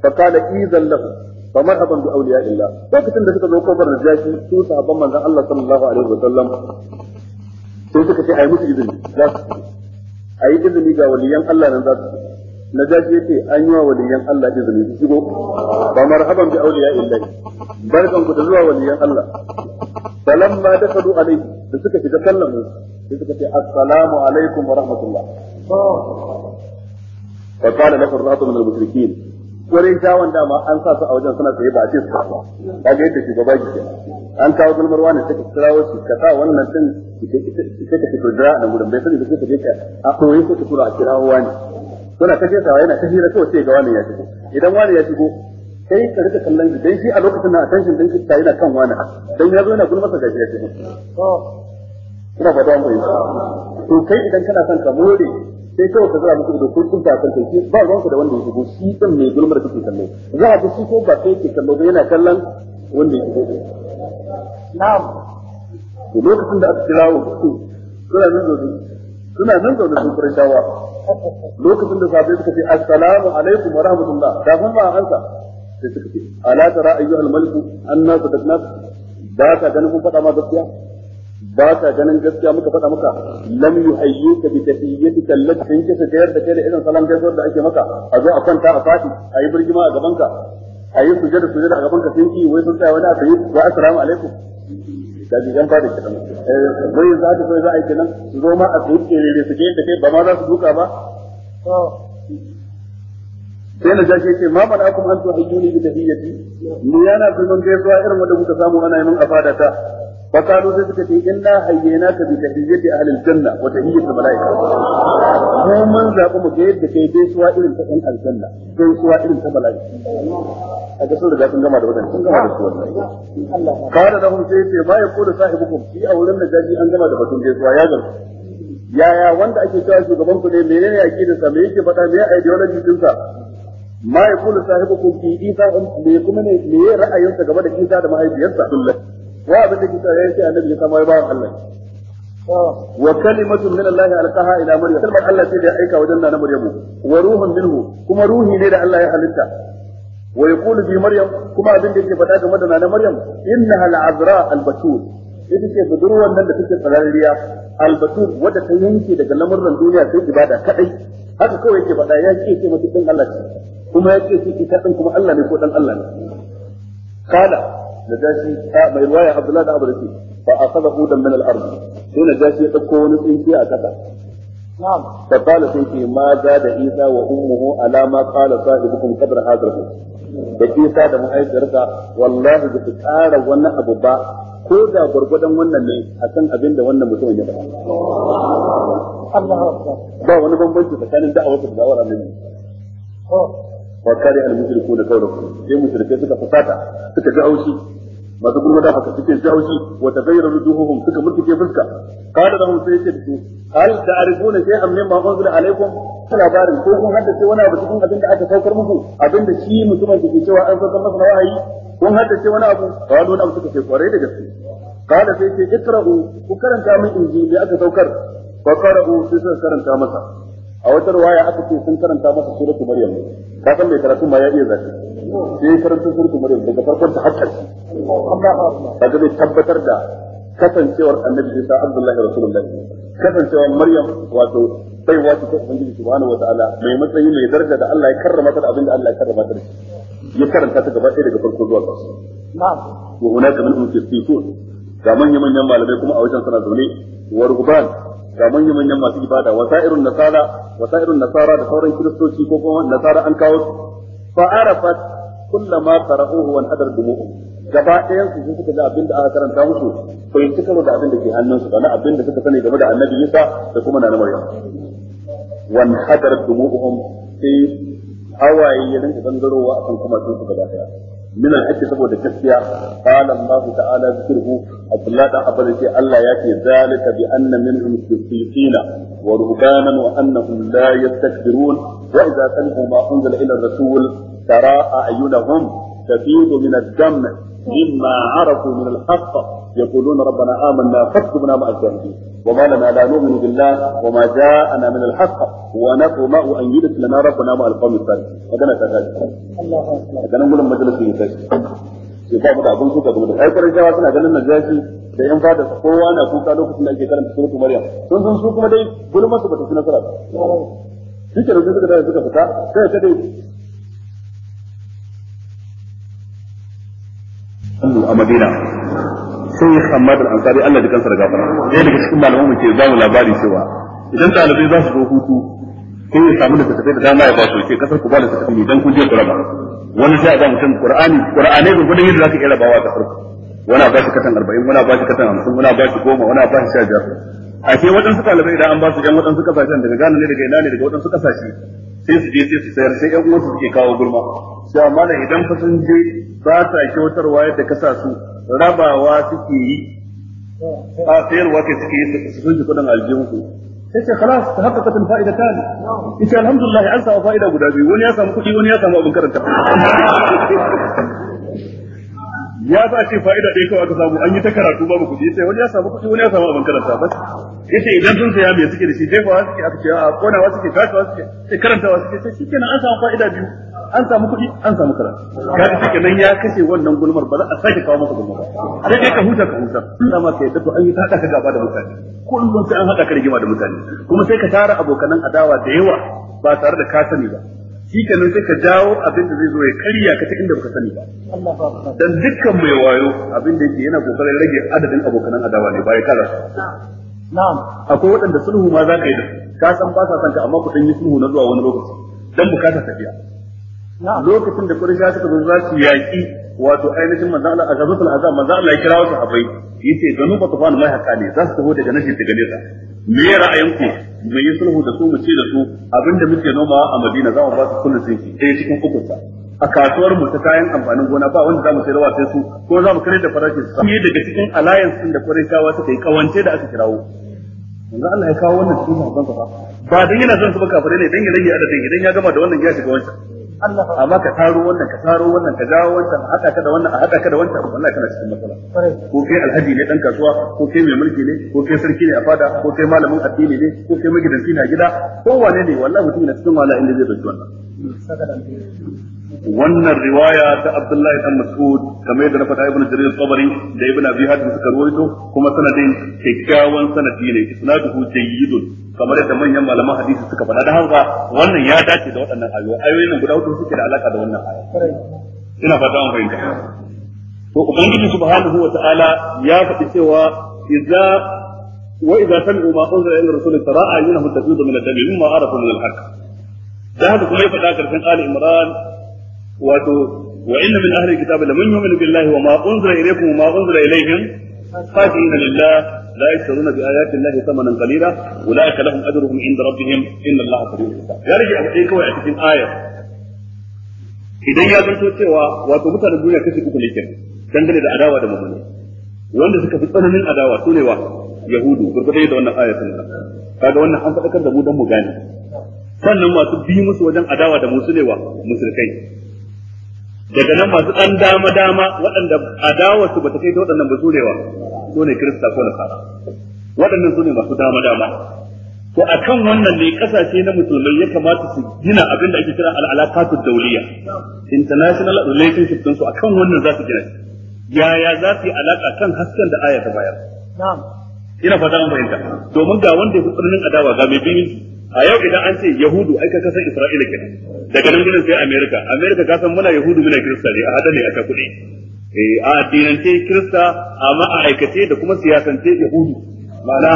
Speaker 3: fa qala idhan lahu fa marhaban bi awliya illah lokacin da suka zo kofar najashi su sahabban manzon Allah sallallahu alaihi wa sallam. sai suka ce ayi musu izini za su ayi izini ga waliyan Allah nan za su najashi yace an yi wa waliyan Allah izini su shigo fa marhaban bi awliya illah barkan ku da zuwa waliyan Allah falamma dakalu alaihi da suka shiga sallamu sai suka ce assalamu alaikum wa rahmatullah fa qala lahu ar-ra'atu min al-mushrikeen wurin shawon dama an sa su a wajen suna tsaye ba a ce su kasuwa ka ga yadda shugaba ki ke an kawo gulmar wani take kirawo shi ka sa wannan din ita ka fito jira a nan gudun bai sani ba sai ka je ka a koyi ko ta tura a kirawo wani suna ta fesawa yana ta hira kawai sai ga wani ya shigo idan wani ya shigo kai ka rika kallon shi dan shi a lokacin na attention din shi ta yana kan wani dan ya zo yana gulmar sa gashi ya shigo ina ba da yi to kai idan kana son ka more sai kawai ka zara musu da ko kin ta kan kai ba ruwan ka da wanda ya shigo shi din mai gulmar kake kallo za ka shi ko ba kai ke kallo ba yana kallon wanda ya shigo na'am to lokacin da aka kira wa ku suna nan zo suna nan zo sun fara dawa lokacin da sabai suka ce assalamu alaikum wa rahmatullah kafin ma sa sai suka ce ala tara ayyuhal malik annaka sadaqna ba ka ganin kun faɗa ma gaskiya ba ka ganin gaskiya muka faɗa maka lam ka bi tahiyyatika allati in kisa gayar da kai da irin salam gaisuwar da ake maka a zo a kwanta a fadi a yi birgima a gaban ka a yi sujada sujada a gaban ka sun ki wai sun tsaya wani aka yi wa assalamu alaikum da bi dan fadi kidan eh, wai za ta sai za a yi kidan su zo ma a su kere su da kai ba ma za su duka ba sai na jashi ce ma mana kuma an tuhayyuni bi tahiyyati ni yana kullun gaisuwa irin wanda kuka samu ana yi mun a fadata فقالوا sai suka ce inna hayyaynaka bi tahiyyati ahli aljanna wa tahiyyati almalaika mu mun zabi mu ga yadda kai gaisuwa irin ta ɗan aljanna gaisuwa irin ta malaika a ga sun riga sun gama da wadan sun gama da su wannan kada da hum sai ce ma yaqulu sahibukum shi a wurin najaji an gama da batun gaisuwa ya gama yaya wanda ake cewa shugaban ku ne menene aqidarsa me yake faɗa me ideology dinsa ma kuma ne da da mahaifiyarsa wa abin da ke tare sai annabi ya samu bawan Allah wa kalimatun min Allah alqaha ila maryam kalmar Allah sai da aika wajen nan maryam wa ruhun minhu kuma ruhi ne da Allah ya halitta wa yaqulu maryam kuma abin da yake faɗa game da na maryam innaha al-azra al-batur ita ce budurwar nan da take tsararriya al-batur wadda ta yanke daga lamurran duniya sai ibada kaɗai haka kawai yake faɗa ya ce ce mutum Allah ce kuma ya ce shi ita din kuma Allah ne ko dan Allah a mai riwaya abdullahi da abrasi fa akhadha hudan min al-ard sai najashi ya dauko wani tsinke a kasa na'am fa qala sai ce da isa wa ummuhu ala ma qala sahibukum qabra hadrahu da isa da mahaifiyarsa wallahi da su ƙara wani abu ba ko da gwargwadon wannan ne akan abin da wannan mutumin ya faɗa ba wani bambanci tsakanin da'awar da da'awar annabi wa oh. kare al-mushrikuna kawrakum sai mushrike suka fasata suka ji haushi masu kuma da haka suke jawshi wa tagayyara rujuhuhum suka murtuke fuska qala lahum sai yace da su hal ta'rifuna shay'an mimma unzila alaikum. kana barin ko kun haddace wani abu cikin abin da aka saukar muku abin da shi mutumin da ke cewa an saukar masa wahayi kun haddace wani abu qalu abu suka ce kwarai da gaske qala sai yace ikra'u ku karanta min injili aka saukar fa qara'u sai suka karanta masa a wata riwaya aka ce sun karanta masa suratu maryam ka san mai karatu ma ya iya zaki sai karanta suratu maryam daga farkon ta hakkar kaga zai tabbatar da kasancewar annabi isa abdullahi rasulullah kasancewar maryam wato baiwa ta ubangiji subhanahu wataala mai matsayi mai daraja da Allah ya karrama ta da abin da Allah ya karrama ta ya karanta ta gaba ɗaya daga farko zuwa ƙarshe na'am wa hunaka minhum qissitun ga manyan manyan malamai kuma a wajen sana zaune wa ruhban ga manyan manyan masu ibada wasairun nasara nasara da sauran kiristoci ko kuma nasara an kawo su fa arafat kullama qara'uhu wa hadar dumu'u gaba ɗayan su sun suka ga abin da aka karanta musu bai da abin da ke ba na abin da suka sani game da annabi Isa da kuma nana Maryam wan hadar sai hawaye ya rinka gangarowa akan kuma sun من أجل سبب التسبيح قال الله تعالى ذكره الله تعالى الله يأتي ذلك بأن منهم سبقين ورهبانا وأنهم لا يستكبرون وإذا سمعوا ما أنزل إلى الرسول ترى أعينهم تفيض من الدم مما عرفوا من الحق يقولون ربنا آمنا فاكتبنا مع الشاهدين وما لنا لا نؤمن بالله وما جاءنا من الحق ونطمع أن يدرك لنا ربنا مع القوم الصالحين وكان كذلك كان نقول مجلس يتاج يقام da abin suka game da ai karantawa suna ganin najashi da yan fada kowa na kuka lokacin da ake karanta suratu maryam sun sun kuma dai gulma su bata suna nasara shi ke rubuta da suka fita sai ta dai sai Hamad al-Ansari Allah ya kansa da gafara sai daga cikin malaman mu ke za mu labari cewa idan dalibai za su zo hutu sai ya samu da tafai da dama ya ba su ke kasar ku ba da tafai dan kun je ku raba wani sai a ba mutum Qur'ani Qur'ani da gudun yadda zaka iya rabawa kasar ku wani ba shi katan 40 wani ba shi katan 50 wani ba shi 10 wani ba shi 15 ashe waɗansu ɗalibai idan an ba su jan waɗansu kasashen daga Ghana ne daga ina ne daga waɗansu kasashe sai su je sai su sayar sai ƴan uwansu suke kawo gurma, sai amma da idan fa sun je ba ta kyautarwa yadda ka sa su rabawa suke yi a sayarwa kai suke yi su kunshi kuɗin aljihunku sai ce khalas ta haka katin fa'ida ta ne ita alhamdulillah an samu fa'ida guda biyu wani ya samu kuɗi wani ya samu abin karanta ya za ce fa'ida ɗaya kawai aka samu an yi ta karatu babu kuɗi sai wani ya samu kuɗi wani ya samu abin karanta ba yace idan sun saya me suke da shi jefawa suke aka ce a konawa suke kashewa suke sai karantawa suke sai shikenan an samu fa'ida biyu an samu kuɗi an samu karatu kaga shikenan ya kashe wannan gulmar ba za a sake kawo masa gulmar ba sai dai ka huta ka huta dama sai da to an yi ta ka gaba da mutane kullum sai an haɗa ka rigima da mutane kuma sai ka tara abokanan adawa da yawa ba tare da ka sani ba shi kenan sai ka jawo abin da zai zo ya karya ka cikin da baka sani ba dan dukkan mai wayo abin da yake yana kokarin rage adadin abokanan adawa ne ba ya kara na'am akwai waɗanda sulhu ma za ka yi da ka san ba sa san ka amma ku san yi sulhu na zuwa wani lokaci dan bukata tafiya lokacin da ya suka zo za su yaki wato ainihin manzo Allah a gazatul azab manzo Allah ya kira wasu habai ce ganu ba tufan mai haka ne za su taho daga nashi daga nesa
Speaker 2: me ya ra'ayinku
Speaker 3: me yi sulhu da su mu ce da su abinda muke noma a Madina za mu ba su kullu sun ke eh, ɗaya cikin uku sa a kasuwar mu ta kayan amfanin gona ba wanda za mu rawa sai su ko za mu kare da farashin su ne daga cikin alliance din da Qurayshawa suka yi kawance da aka kirawo manzo Allah ya kawo wannan cikin hakan ba ba dan yana son su ba kafare ne dan ya rage adadin idan ya gama da wannan ya shiga wancan amma ka taro wannan ka taro wannan ka jawo wancan a haɗa ka da wannan a haɗa ka da wancan wallahi kana cikin matsala ko kai alhaji ne dan kasuwa ko kai mai mulki ne ko kai sarki ne a fada ko kai malamin addini ne ko kai magidanci ne a gida ko wane ne wallahi mutum na cikin wahala inda zai dauki wannan wannan riwaya ta Abdullahi dan Mas'ud kamar yadda na faɗa Ibn Jarir Tabari da Ibn Abi Hatim suka rawaito kuma sanadin kyakkyawan sanadi ne isnaduhu jayyidun kamar yadda manyan malaman hadisi suka faɗa da haka wannan ya dace da waɗannan ayoyi ayoyin guda hudu suke da alaka da wannan aya ina fata an fahimta to ubangiji subhanahu wata'ala ya faɗi cewa idza wa idza sami'u ma unzila ila rasulil tara ayyunahum tafidu min ad-dami mimma arafu min al-haqq da haka kuma ya faɗa karshen Ali Imran wato wa inna min ahli kitabi lamun yu'minu billahi wa ma unzila ilaykum wa ma unzila ilayhim
Speaker 1: خاشعين
Speaker 3: لله لا يشترون بآيات الله ثمنا قليلا أولئك ajruhum inda rabbihim inna allaha qadirun ya rage يا رجل kawai a cikin aya idan ya zanto cewa wato mutanen duniya kashi uku ne kenan dangane da adawa da mummuni wanda suka fi tsananin adawa su ne wa yahudu gurgurdai da wannan aya nan kaga wannan an faɗakar da mu dan mu gane sannan masu bi musu wajen adawa da mu su ne wa musulkai daga nan masu ɗan dama dama waɗanda adawarsu ba ta kai da waɗannan ba zurewa. kirista ko na nasara waɗannan su masu dama dama to akan wannan ne kasashe na musulmai ya kamata su gina abin da ake kira al'alaqatu dawliya international relationship din su akan wannan za su gina yaya za su yi alaka kan hasken da aya ta bayar ina fata an fahimta domin ga wanda ya fi tsananin adawa ga mai bin a yau idan an ce yahudu ai ka isra'ila ke daga nan gudun sai Amerika. Amerika ka san muna yahudu muna kirista ne a hada ne a ta kuɗi eh, a addinance kirista amma a aikace da kuma siyasance yahudu ma'ana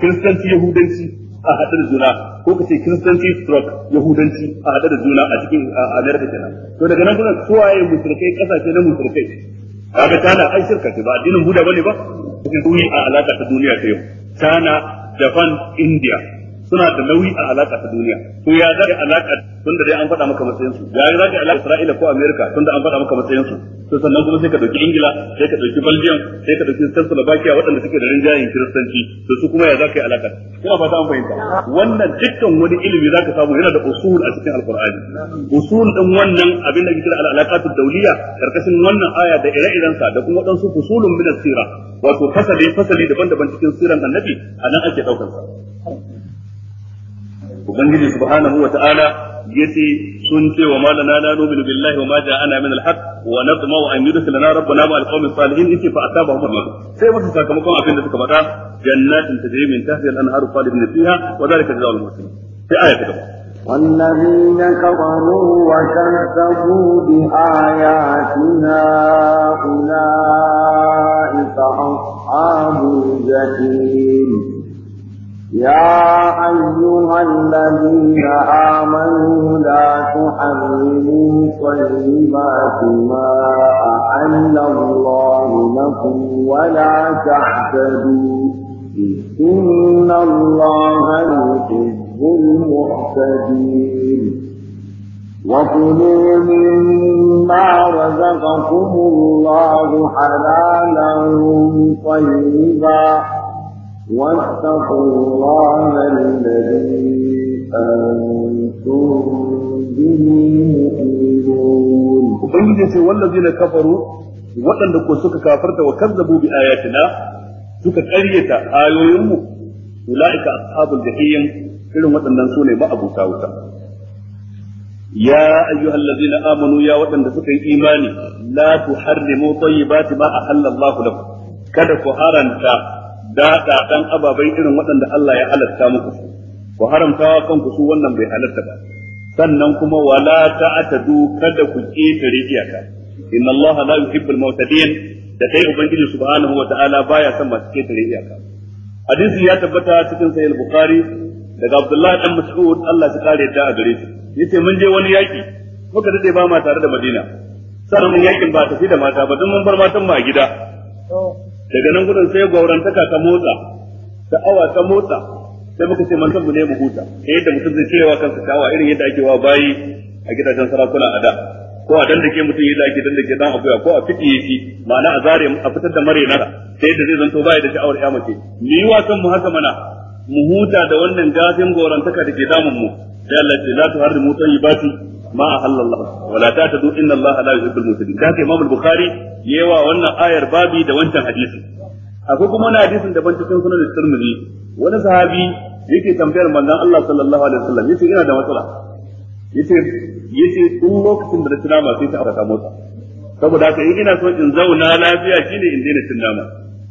Speaker 3: kiristanci yahudanci a da juna ko ka ce kiristanci stroke yahudanci a da juna a cikin Amerika kenan to daga nan gudun suwaye musulkai kasashe na musulkai kaga tana ai shirka ce ba addinin buda bane ba cikin duniya a alaka ta duniya ta yau tana japan india suna da nauyi a alaka ta duniya to ya za ka alaka tunda dai an faɗa maka matsayin su ya za ka alaka Isra'ila ko America tunda an faɗa maka matsayin su to sannan kuma sai ka dauki Ingila sai ka dauki Belgium sai ka dauki Czechoslovakia waɗanda suke da rinjayen Kiristanci to su kuma ya za ka yi Kuma ba ta an fahimta wannan dukkan wani ilimi za ka samu yana da usul a cikin Alqur'ani usul din wannan abin da yake da alaqatu dawliya karkashin wannan aya da ire iren sa da kuma waɗansu usulun min as-sira wato fasali fasali daban-daban cikin siran annabi anan ake daukar sa ubangiji subhanahu wa ta'ala yace sun ce wa malana na nu'minu billahi wa ma ja'ana min al-haq wa natma'u an yudkhilana rabbuna ma al-qawmi salihin yace fa atabahu al sai musu sakamakon abin da suka faɗa jannatin tajri min tahtiha al-anharu khalidina fiha wa dhalika jazaa'ul muhsinin sai aya ta gaba
Speaker 2: والذين كفروا وكذبوا بآياتنا أولئك أصحاب الجحيم يا أيها الذين آمنوا لا تحرموا طيبات ما أحل الله لكم ولا تعتدوا إن الله يحب المعتدين وكلوا مما رزقكم الله حلالا طيبا واتقوا الله
Speaker 3: الذي Ubangiji ce wallazina kafaru waɗanda ko suka kafarta wa kazzabu bi ayatina suka ƙaryata ayoyinmu ulaika ashabul jahim irin waɗannan sune ba abuta wuta ya na ladzina amanu ya waɗanda suka yi imani la tuharrimu tayyibati ma ahallallahu lakum kada ku haranta da dan ababai irin waɗanda Allah ya halatta muku su ku haramta kanku su wannan bai halatta ba sannan kuma wala ta'tadu kada ku ƙetare iyaka inna Allah la yuhibbul mu'tadin da kai ubangiji subhanahu wa ta'ala baya son masu ƙetare iyaka hadisi ya tabbata cikin sahih al-bukhari daga Abdullahi dan Mas'ud Allah ya kare da a gare shi yace mun je wani yaki muka dade ba ma tare da Madina sannan yakin ba tafi da mata ba don mun bar matan mu a gida daga nan gudun sai gaurantaka ta motsa sha'awa ta motsa sai muka ce mantan ne mu huta Sai yadda mutum zai cirewa kansa sha'awa irin yadda ake wa bayi a gidajen sarakuna a da ko a dandake mutum yadda ake dandake dan akuya ko a fiti shi ma'ana a zare a fitar da mare nara Sai yadda zai zanto baya da sha'awar ya mace ni wasan mu haka mana mu huta da wannan gafin gaurantaka da ke damun mu sai Allah ce la tuharrimu tayyibati ma ahalla Allah wala ta'tadu inna Allah la yuhibbul mutadin kaka Imam bukhari yawa wannan ayar babi da wancan hadisin akwai kuma wani hadisin da ban cikin sunan wani sahabi yake tambayar manzon Allah sallallahu alaihi wasallam yace ina da matsala yace yace duk lokacin da na ci nama sai ta afata mota saboda haka in ina so in zauna lafiya shine in daina cin nama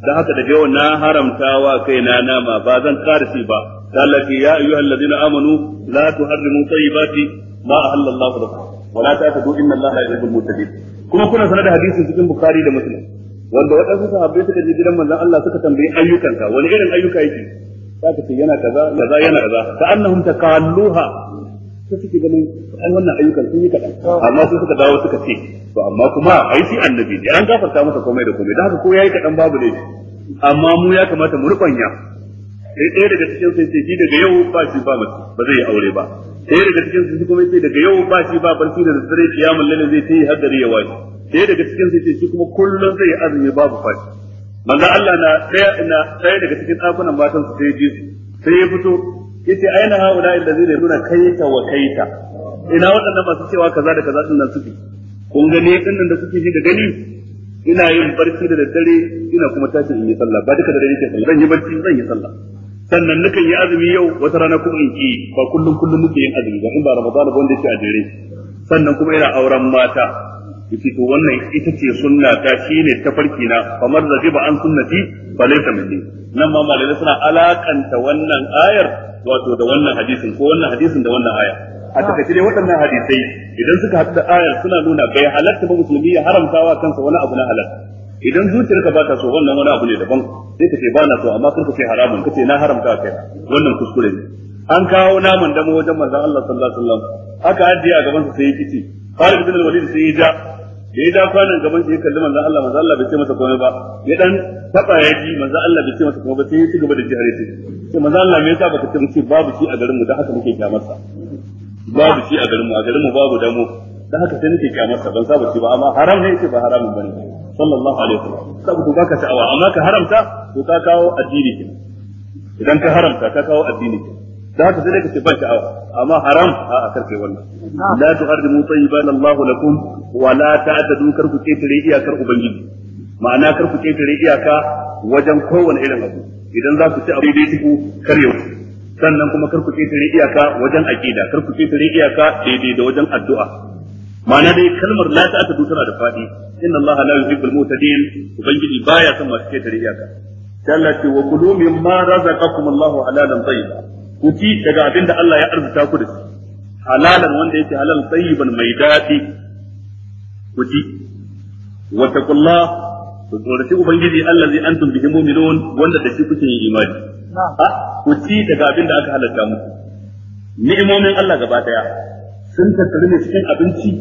Speaker 3: dan haka da yau na haramta wa kaina nama ba zan karisi ba Allah ya ayyuhal ladina amanu la tuharrimu tayyibati ma ahalla Allahu lakum wala ta'tadu inna Allaha yuhibbul mu'tadin kuma kuna sanar da hadisin cikin Bukhari da Muslim wanda waɗansu sahabbai suka je gidan manzon Allah suka tambayi ayyukanka wani irin ayyuka yake zaka ce yana kaza kaza yana kaza ka annahum ta takalluha sai suke ganin ai wannan ayyukan sun yi kaɗan amma sun suka dawo suka ce to amma kuma ai shi annabi ne an gafarta masa komai da komai da haka ko yayi kaɗan babu ne amma mu ya kamata mu rubanya sai ɗaya daga cikin sai ce shi daga yau ba shi ba mace ba zai yi aure ba sai daga cikin su kuma sai daga yau ba shi ba barci da daddare ya lail zai ta yi hadari ya wace sai daga cikin su shi kuma kullun zai azumi babu fashi manzo Allah na ɗaya na sai daga cikin ɗakunan matan su sai ji sai ya fito yace aina haula allazi ne nuna kaita wa kaita ina waɗannan masu cewa kaza da kaza din nan suke kun ga din nan da suke shi da gani ina yin barci da daddare ina kuma tashi in yi sallah ba duka da dare yake sallah zan yi barci zan yi sallah sannan nakan yi azumi yau wata rana kuma in ki ba kullum kullum muke yin azumi ba in ba ramadan ba wanda yake a jere sannan kuma ina auren mata yace to wannan ita ce sunna ta shine tafarki na kamar da ba an sunnati ba laysa minni nan ma malamai suna alakanta wannan ayar wato da wannan hadisin ko wannan hadisin da wannan aya a takaice dai waɗannan hadisai idan suka haɗu da ayar suna nuna bai halatta ba musulmi ya haramtawa kansa wani abu na halal idan zuciyarka ba ta so wannan wani abu ne daban sai ka ce ba na so amma kar ka ce haramun ka ce na haramta a kai wannan kuskure ne an kawo naman damo wajen manzon Allah sallallahu alaihi wasallam aka ajiye a gaban sa sai ya kici Khalid bin Walid sai ya ja da ya ja kwanan gaban shi ya kalli manzon Allah manzon Allah bai ce masa komai ba ya dan taba ya ji manzon Allah bai ce masa komai ba sai ya ci gaba da jihar sai sai manzon Allah me yasa baka ce babu shi a garin mu da haka muke kyamarsa babu shi a garin mu a garin mu babu damo da haka sai nake kyamarsa ban saba shi ba amma haram ne ce ba haramun bane sallallahu alaihi wa wasallam saboda baka sha'awa amma ka haramta to ka kawo addini ki idan ka haramta ka kawo addini ki da haka sai ka ce ban sha'awa amma haram a a wannan la tuharrimu tayyiban Allah lakum wa la ta'tadu kar ku ketare iyakar ubangiji ma'ana kar ku ketare iyaka wajen kowane irin abu idan za ku ci abu tuku kar yau. sannan kuma kar ku ketare iyaka wajen aqida kar ku ketare iyaka daidai da wajen addu'a ma'ana dai kalmar la ta ta tana da fadi inna Allah la yuhibbul mutadin ubangiji baya son masu ketare iyaka sai Allah ce wa kulu mimma razaqakum Allahu halalan tayyiba ku ci daga abin da Allah ya arzuta ku da halalan wanda yake halal tayyiban mai dadi ku ci wa taqullah ku tsoraci ubangiji Allah zai antum bihi mu'minun wanda da shi kuke yin imani ah, ku ci daga abin da aka halatta muku ni'imomin Allah gaba daya sun tattaru ne cikin abinci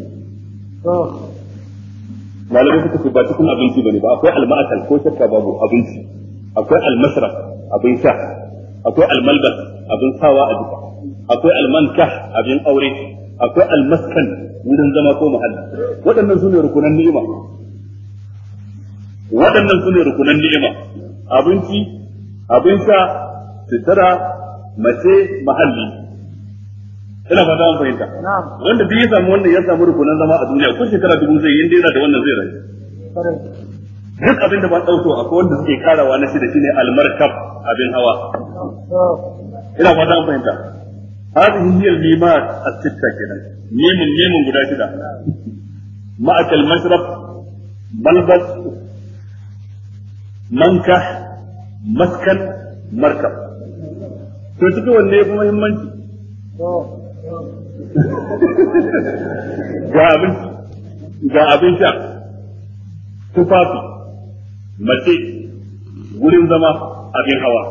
Speaker 3: malamai suka ce ba cikin abinci bane ba akwai alma'akal ko shakka babu abinci akwai almasra abin sha akwai almalbas abin sawa a jika akwai almanka abin aure akwai almaskan wurin zama ko muhalli waɗannan sune rukunan ni'ima waɗannan rukunan ni'ima abinci abin sha sutura mace muhalli ina fata an fahimta wanda duk ya samu wannan ya samu rukunan zama a duniya ko shekara dubu zai yi yana da wannan zai rayu
Speaker 2: duk
Speaker 3: abin da ba dauko akwai wanda suke karawa na shi da shine almarkab abin hawa ina fata an fahimta هذه هي الميمات الستة كده ميم ميم قد كده معك المشرب ملبس منكح مسكن مركب to cikin wanne ya fi muhimmanci ga abin ga abin sha tufafi mace wurin zama abin hawa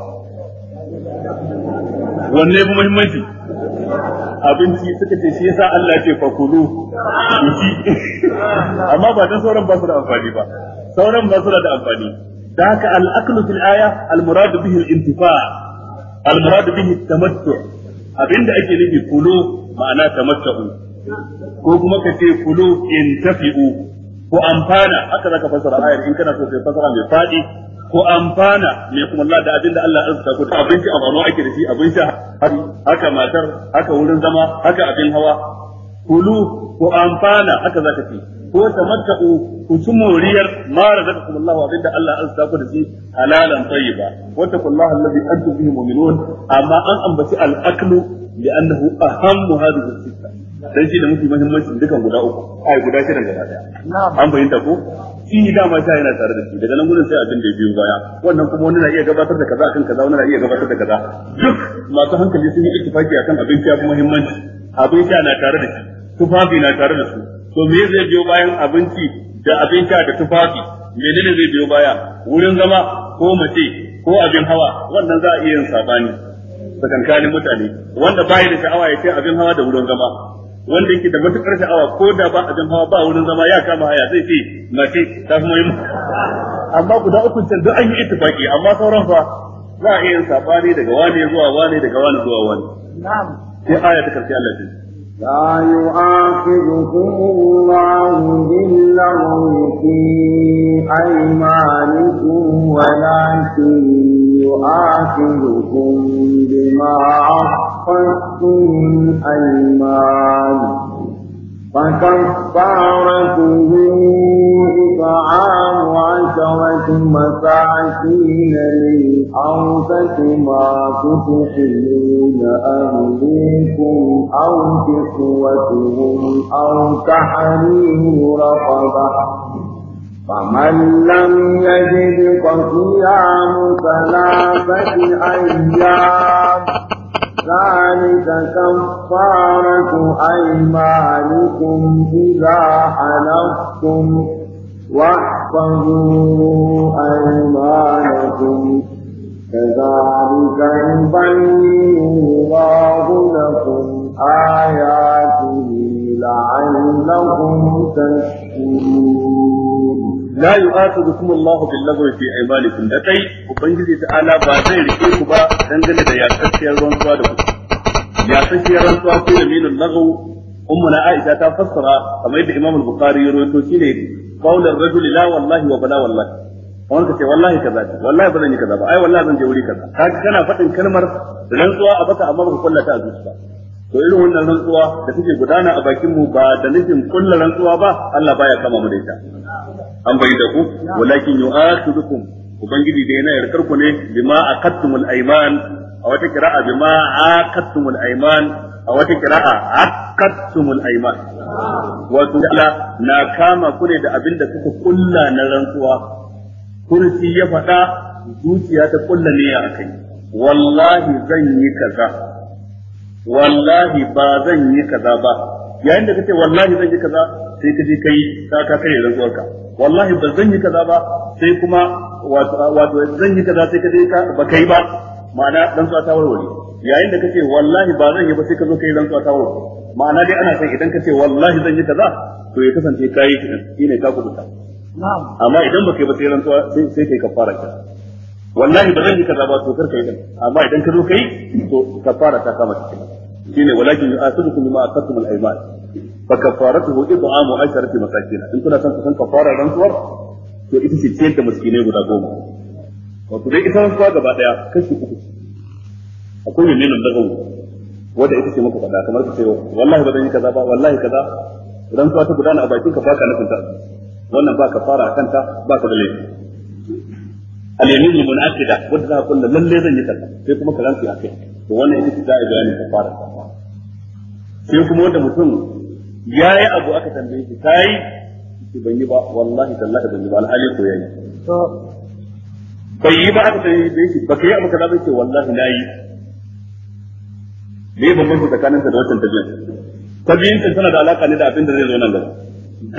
Speaker 3: wanne bu muhimmanci abinci suka ce shi yasa Allah ce fakulu ci amma ba dan sauran ba su da amfani ba sauran ba su da amfani da haka al-aklu fil aya al-murad bihi al-intifa al-murad bihi al tamattu abinda ake nufi kulu ma'ana tamattu ko kuma ka ce kulu in tafi'u ko amfana haka zaka fasara ayar in kana so sai fasara mai fadi ko amfana mai kuma Allah da abinda Allah azza ko abinci a bano ake da shi abin haka matar haka wurin zama haka abin hawa kulu ko amfana haka zaka ce ko tamatta'u ku ci moriyar ma razaqakum Allah abinda Allah an saka da shi halalan tayyiba wa taqullaha alladhi antum bihi mu'minun amma an ambaci al-aklu li'annahu ahammu hadhihi as-sitta dan shi da mafi muhimmanci dukan guda uku ai guda shidan gaba daya an bayyana ko shi dama sha yana tare da shi daga nan gudun sai abin da ya biyo baya wannan kuma wani na iya gabatar da kaza akan kaza wani na iya gabatar da kaza duk masu hankali sun yi ittifaki akan abin sha muhimmanci abin sha na tare da shi tufafi na tare da su to me zai biyo bayan abinci da abin sha da tufafi menene zai biyo baya wurin zama ko mace ko abin hawa wannan za a iya yin sabani tsakankanin mutane wanda bai da sha'awa ya ce abin hawa da wurin zama wanda yake da matukar sha'awa ko da ba abin hawa ba wurin zama ya kama haya zai ce mace ta kuma yi amma guda uku can duk an yi ittifaki amma sauran fa za a iya yin sabani daga wani zuwa wani daga wani zuwa wani sai aya ta karshe Allah ta
Speaker 2: لا يؤاخذكم الله باللغو في أيمانكم ولكن يؤاخذكم بما عقدتم الأيمان فكفارته إطعام عشرة مساكين للأرض أوسط ما تطعمون أهليكم أو كسوتهم أو تحرير رقبة فمن لم يجد فصيام ثلاثة أيام ذلك كفارة أيمانكم إذا حلفتم واحفظوا أيمانكم كذلك يبين الله لكم آياته لعلكم
Speaker 3: تشكرون la yu'akhidhukum Allahu bil lagwi da kai ubangiji ta'ala ba zai rike ku ba dangane da yasassiyar rantsuwa da Aisha ta fassara kamar yadda Imam al-Bukhari ya rawaito shine qaular rajuli wani ka ce wallahi kaza ce wallahi ba zan yi kaza ba ai wallahi zan je wuri kaza ka kana faɗin kalmar rantsuwa a baka amma baka ta a zuciya to irin wannan rantsuwa da take gudana a bakin mu ba da nufin kulla rantsuwa ba Allah baya kama mu da ita an bai da ku walakin yu'akhidukum ubangiji da yana yarkar ku ne bima aqattumul ayman a wata qira'a bima aqattumul ayman a wata qira'a aqattumul ayman wato Allah na kama ku ne da abin da kuka kulla na rantsuwa kursi ya faɗa zuciya ta kulla a akai wallahi zan yi kaza wallahi ba zan yi kaza ba yayin da kace wallahi zan yi kaza sai ka je kai ka ka kare rantsuwarka wallahi ba zan yi kaza ba sai kuma wato zan yi kaza sai ka je ka ba kai ba ma'ana zuwa ta warware yayin da kace wallahi ba zan yi ba sai ka zo kai rantsuwa ta warware ma'ana dai ana son idan kace wallahi zan yi kaza to ya kasance kai shine ka kubuta amma idan ba kai ba sai rantsuwa sai kai kafara ka wallahi ba zan yi kaza ba to kar kai amma idan ka zo kai to kafara ta kama cikin shine walakin yu'akhidhukum bima aqadtum al-ayman fa kafaratuhu id'amu asharati masakin in kuna son kusan san kafarar rantsuwar to ita ce ciyar da miskinai guda goma wato dai ita rantsuwa gaba daya kashi uku akwai yaminin lagawu wanda ita ce muka faɗa kamar ka ce wallahi ba zan yi kaza ba wallahi kaza rantsuwa ta gudana a bakin ka baka nufin ta wannan ba kafara akan ta ka da laifi al-yamin al-munaqida wanda za ka kunna lalle zan yi kaza sai kuma ka rantsi akai to wannan ita ce da bayanin kafara sai kuma wanda mutum ya yi abu aka tambaye shi ta yi shi ban yi ba wallahi tallata ban yi ba alhali ko ya yi bai yi ba aka tambaye shi ba ka yi abu kaza ba ce wallahi na yi me ban bambanci tsakaninsa da wancan tabiyan tabiyan ta tana da alaka ne da abin da zai zo nan da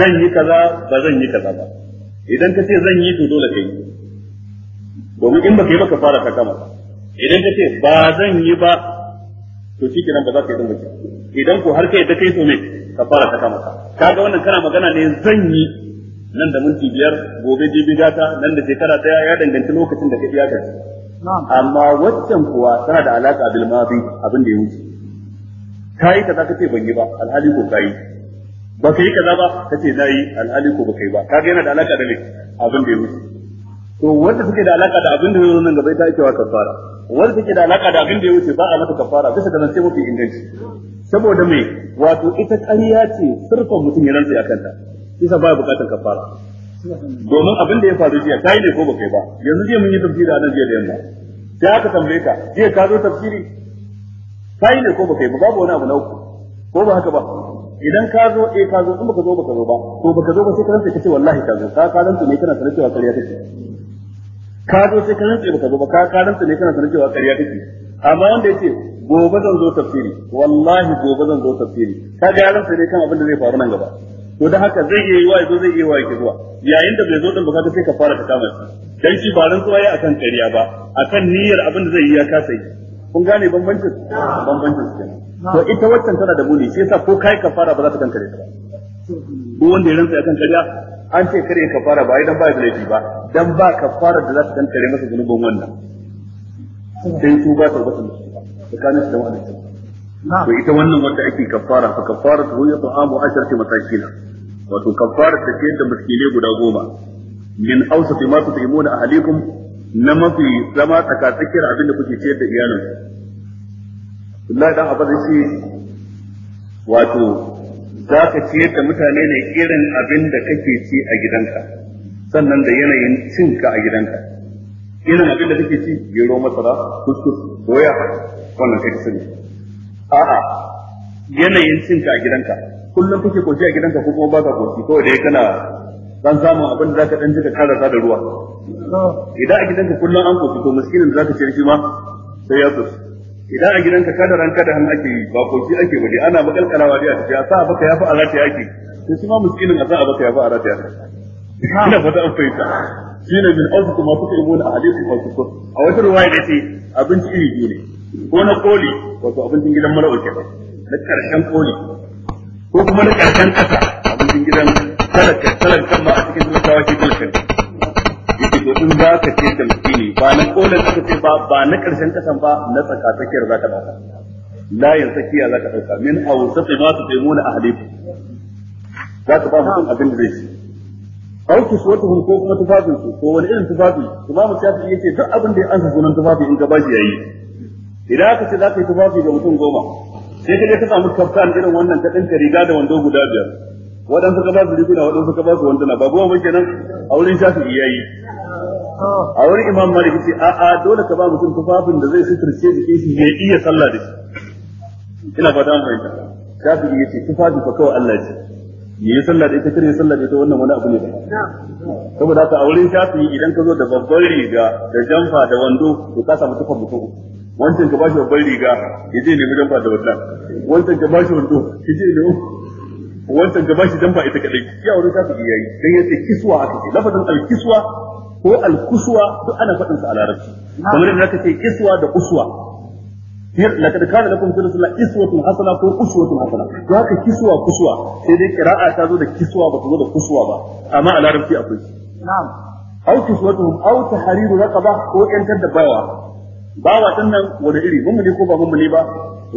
Speaker 3: zan yi kaza ba zan yi kaza ba idan ka ce zan yi to dole ka yi domin in baka yi baka fara ka kama idan ka ce ba zan yi ba to shi kenan ba za ka yi zan ba idan ko har kai da kai so ne fara ta kama ka, ga wannan kana magana ne zan yi nan da minti biyar gobe jibi gata nan da shekara ta ya danganci lokacin da ka iya ka amma waccan kuwa tana da alaka bil madi abin da ya wuce kai ka za ka ce ban yi ba alhali ko kai ba ka yi kaza ba ka ce na yi alhali ko ba kai ba ga yana da alaka da me abin da ya wuce to wanda suke da alaka da abin da ya wuce nan gaba ita ake wa kafara wanda suke da alaka da abin da ya wuce ba a mata kafara bisa da nan sai mafi inganci saboda me wato ita ƙarya ce surfan mutum ya rantsa a kanta, isa ba bukatar kafara domin abin da ya faru jiya kai ne ko ba kai ba yanzu jiya mun yi tafsiri a nan jiya da yamma sai aka tambaye ka jiya ka zo tafsiri kai ne ko ba kai ba babu wani abu na uku ko ba haka ba idan ka zo eh ka zo in baka zo baka zo ba to baka zo ba sai ka rantsa kace wallahi ka zo ka ka rantsa ne kana sanar cewa ƙarya kake ka zo sai ka rantsa baka zo ba ka ka rantsa ne kana sanar cewa ƙarya kake amma wanda ce. gobe zan zo tafsiri wallahi gobe zan zo tafsiri ka ga yaran sai kan abin da zai faru nan gaba to da haka zai iya wa zo zai iya wa ki zuwa yayin da bai zo din ba ka sai ka fara ta kama shi dan shi ba zuwa ya akan kariya ba akan niyyar abin da zai yi ya kasa yi kun gane bambancin bambancin su to ita waccan tana da muni shi yasa ko kai ka fara ba za ta kare ta ba ko wanda ya rantsa akan kariya an ce kare fara ba idan ba ya laifi ba dan ba ka fara da za ta kare masa zunubin wannan sai su ba ta tsakanin da wani to ita wannan wanda ake kafara fa kafara ta huya ta'amu asharati masakina wato kafara ta ce da miskinai guda goma min awsati ma su tut'imuna ahlikum na mafi zama tsakatsakiyar abin da kuke ciyar da iyalin Allah dan abin da shi wato za ka ciyar da mutane ne irin abin da kake ci a gidanka sannan da yanayin cinka a gidanka irin abin da take ci gero masara kuskus doya wannan kai sani a'a yanayin cinka a gidanka kullum kake koshi a gidanka ko kuma baka koshi kawai dai kana dan samun abin da zaka dan jika karasa da ruwa idan a gidanka kullum an koshi to miskinin da zaka ci shi ma sai ya tsus idan a gidanka kada da ranka da ake ba koshi ake dai ana makalkalawa dai a cikin a sa baka yafi a rata yake to shi ma miskinin a sa baka yafi a rata yake ina fata an fahimta shine min awsat ma tut'imun ahadith fa tukur a wata ruwaya da ce abinci iri biyu ne ko na koli wato abincin gidan marawa ke na karshen koli ko kuma na karshen kasa abincin gidan talaka talakan ma a cikin talakawa ke talakan yake to in za ka ce tamkini ba na kolin ka ce ba ba na karshen kasan ba na tsaka tsakiyar za ka dauka layin tsakiya za ka dauka min a awsat ma a halittu za ka ba mutum abin da zai ci aw kiswatuhum ko kuma tufafin ko wani irin tufafi su mu shafi iya ce ta abinda ya ansa sunan tufafi in ka bashi yi. idan ka ce za ka yi tufafi ga mutum goma sai ka je ka samu kaftan irin wannan ka dinka riga da wando guda biyar waɗansu ka ba su riguna waɗansu ka ba su wanduna ba goma ba kenan a wurin shafi'i yayi a wurin imam malik ce a a dole ka ba mutum tufafin da zai suturce jikin shi ya iya sallah da shi ina fata an fahimta shafi'i ce tufafi fa kawai Allah ce yi sallah da ita kare sallah da ita wannan wani abu ne saboda haka a wurin shafi idan ka zo da babban riga da jamfa da wando to ka samu tufa mutu wancan ka bashi babban riga ya je nemi jamfa da wannan wancan ka bashi wando ya je nemi wancan ka bashi jamfa ita kadai ya wurin shafi ya yi dan yace kiswa aka ce lafazin al-kiswa ko al-kuswa duk ana faɗin sa a larabci kamar yadda aka ce kiswa da kuswa لقد كان لكم في رسول الله اسوة حسنة كو اسوة حسنة وهكا كسوة كسوة سيدي قراءة تازو ده كسوة بتزو ده كسوة با اما على ربتي اقول نعم او كسوتهم او تحرير رقبة كو انت دباوة bawa din nan wani iri mun ko ba mun ba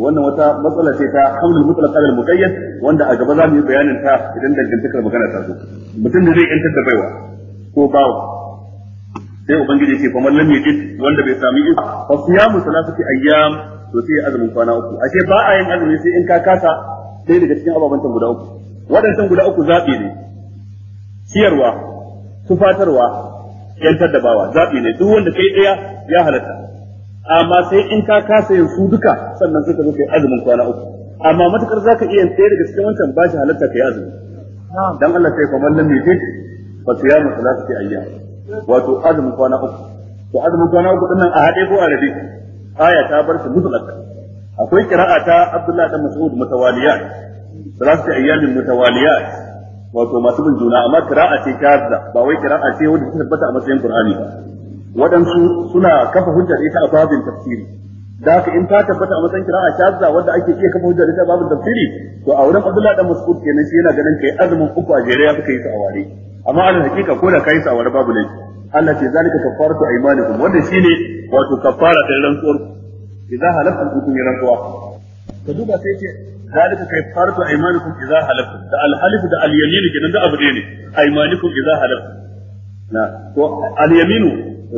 Speaker 3: wannan wata matsala ce ta hamlul mutlaq al muqayyad wanda a gaba za mu yi bayanin ta idan dangantakar magana ta zo mutum ne zai yantar da baiwa ko bawa sai ubangiji ce fa man lam wanda bai sami isa fa siyamu to sai azumin kwana uku ashe ba a yin azumi sai in ka kasa sai daga cikin ababantan guda uku waɗancan guda uku zaɓi ne ciyarwa tufatarwa yantar da bawa zaɓi ne duk wanda kai ɗaya ya halatta amma sai in ka kasa yin su duka sannan sai ka zo kai azumin kwana uku amma matukar za ka iya yin ɗaya daga cikin wancan ba shi halatta yi azumi dan Allah sai kamar lam yajid fa siyamu thalathati ayyam wato azumin kwana uku to azumin kwana uku dinnan a haɗe ko a rabe aya ta bar shi mutlaka akwai kira'a ta Abdullah dan Mas'ud mutawaliyat salatu ayyamin mutawaliyat wato masu bin juna amma kira'a ce kaza ba wai kira'a ce wanda ta tabbata a matsayin Qur'ani ba waɗansu suna kafa hujja da ita a babin tafsiri da haka in ta tabbata a matsayin qira'a kaza wanda ake iya kafa hujja da ita a babin tafsiri to a wurin Abdullah dan Mas'ud kenan shi yana ganin kai azumin uku a jere ya fi kai su a ware amma a hakika ko da kai su a ware babu ne. Allah ce zalika kafaratu aymanikum wannan shine wato kafara ta rantsuwar idza halaftum kun yi rantsuwa ka duba sai ce zalika kafaratu aymanikum idza halaftum da alhalif da alyamin kenan da abu ne aymanikum idza halaftum na to alyaminu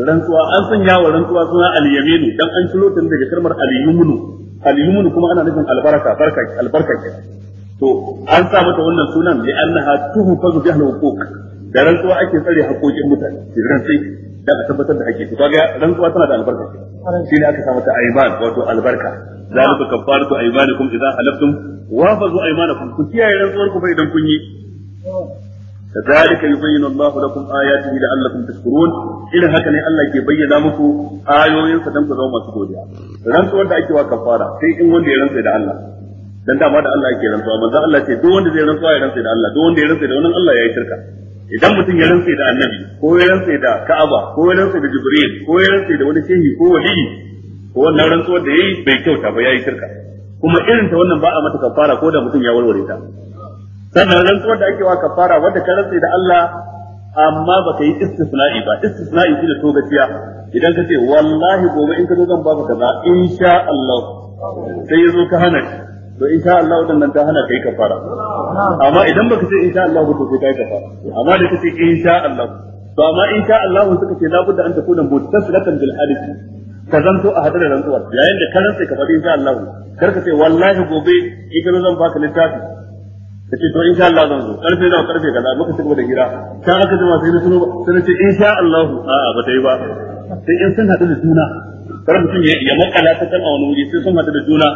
Speaker 3: rantsuwa an sanya wa rantsuwa suna alyaminu dan an ciro ta daga kalmar alyumnu alyumnu kuma ana nufin albaraka barka albarka kenan to an sa mata wannan sunan li annaha tuhfazu bihi al-huquq da rantsuwa ake tsare haƙoƙin mutane da rantsai da a tabbatar da haƙƙi kaga rantsuwa tana da albarka shine aka sa mata aiman wato albarka zalika kaffaratu aymanikum idza halaftum wafazu aymanakum ku kiyaye rantsuwar ku fa idan kun yi كذلك Irin haka ne Allah ke bayyana إلى هكذا الله كي بين لكم آيوين فدم تزوم سكوجا رمس وانت أكي وكفارة في إن وانت يرمس da Allah. dan dama da Allah yake rantsuwa manzo Allah ce duk wanda zai rantsuwa ya rantsa da Allah duk wanda ya rantsa da wannan Allah yayi shirka idan mutum ya rantsa da annabi ko ya rantsa da ka'aba ko ya rantsa da jibril ko ya rantsa da wani shehi ko wali ko wannan rantsuwar da yayi bai kyauta ba yayi shirka kuma irin ta wannan ba a mata kafara ko da mutum ya warware ta sannan rantsuwar da ake wa kafara wanda ka rantsa da Allah amma baka ka yi istisna'i ba istisna'i shi da to gaskiya idan ka ce wallahi gobe in ka zo zan ka kaza insha Allah sai yazo ka hana to insha Allah wadannan ta hana kai kafara amma idan baka ce insha Allah ba to sai kai kafara amma da kace insha Allah to amma insha Allah suka ce la budda an takuna mutasilatan bil hadith ka zanto a hadarin rantsuwar yayin da ka rantsa ka faɗi insha Allah kar ka ce wallahi gobe ka zan baka littafi ka ce to insha Allah zan zo karfe da karfe kaza muka ci gaba da gira kan aka zama sai na suno sai na ce insha Allah a'a ba ta yi ba sai in sun hadu da juna kar mutum ya makala ta kan a wani wuri sai sun hadu da juna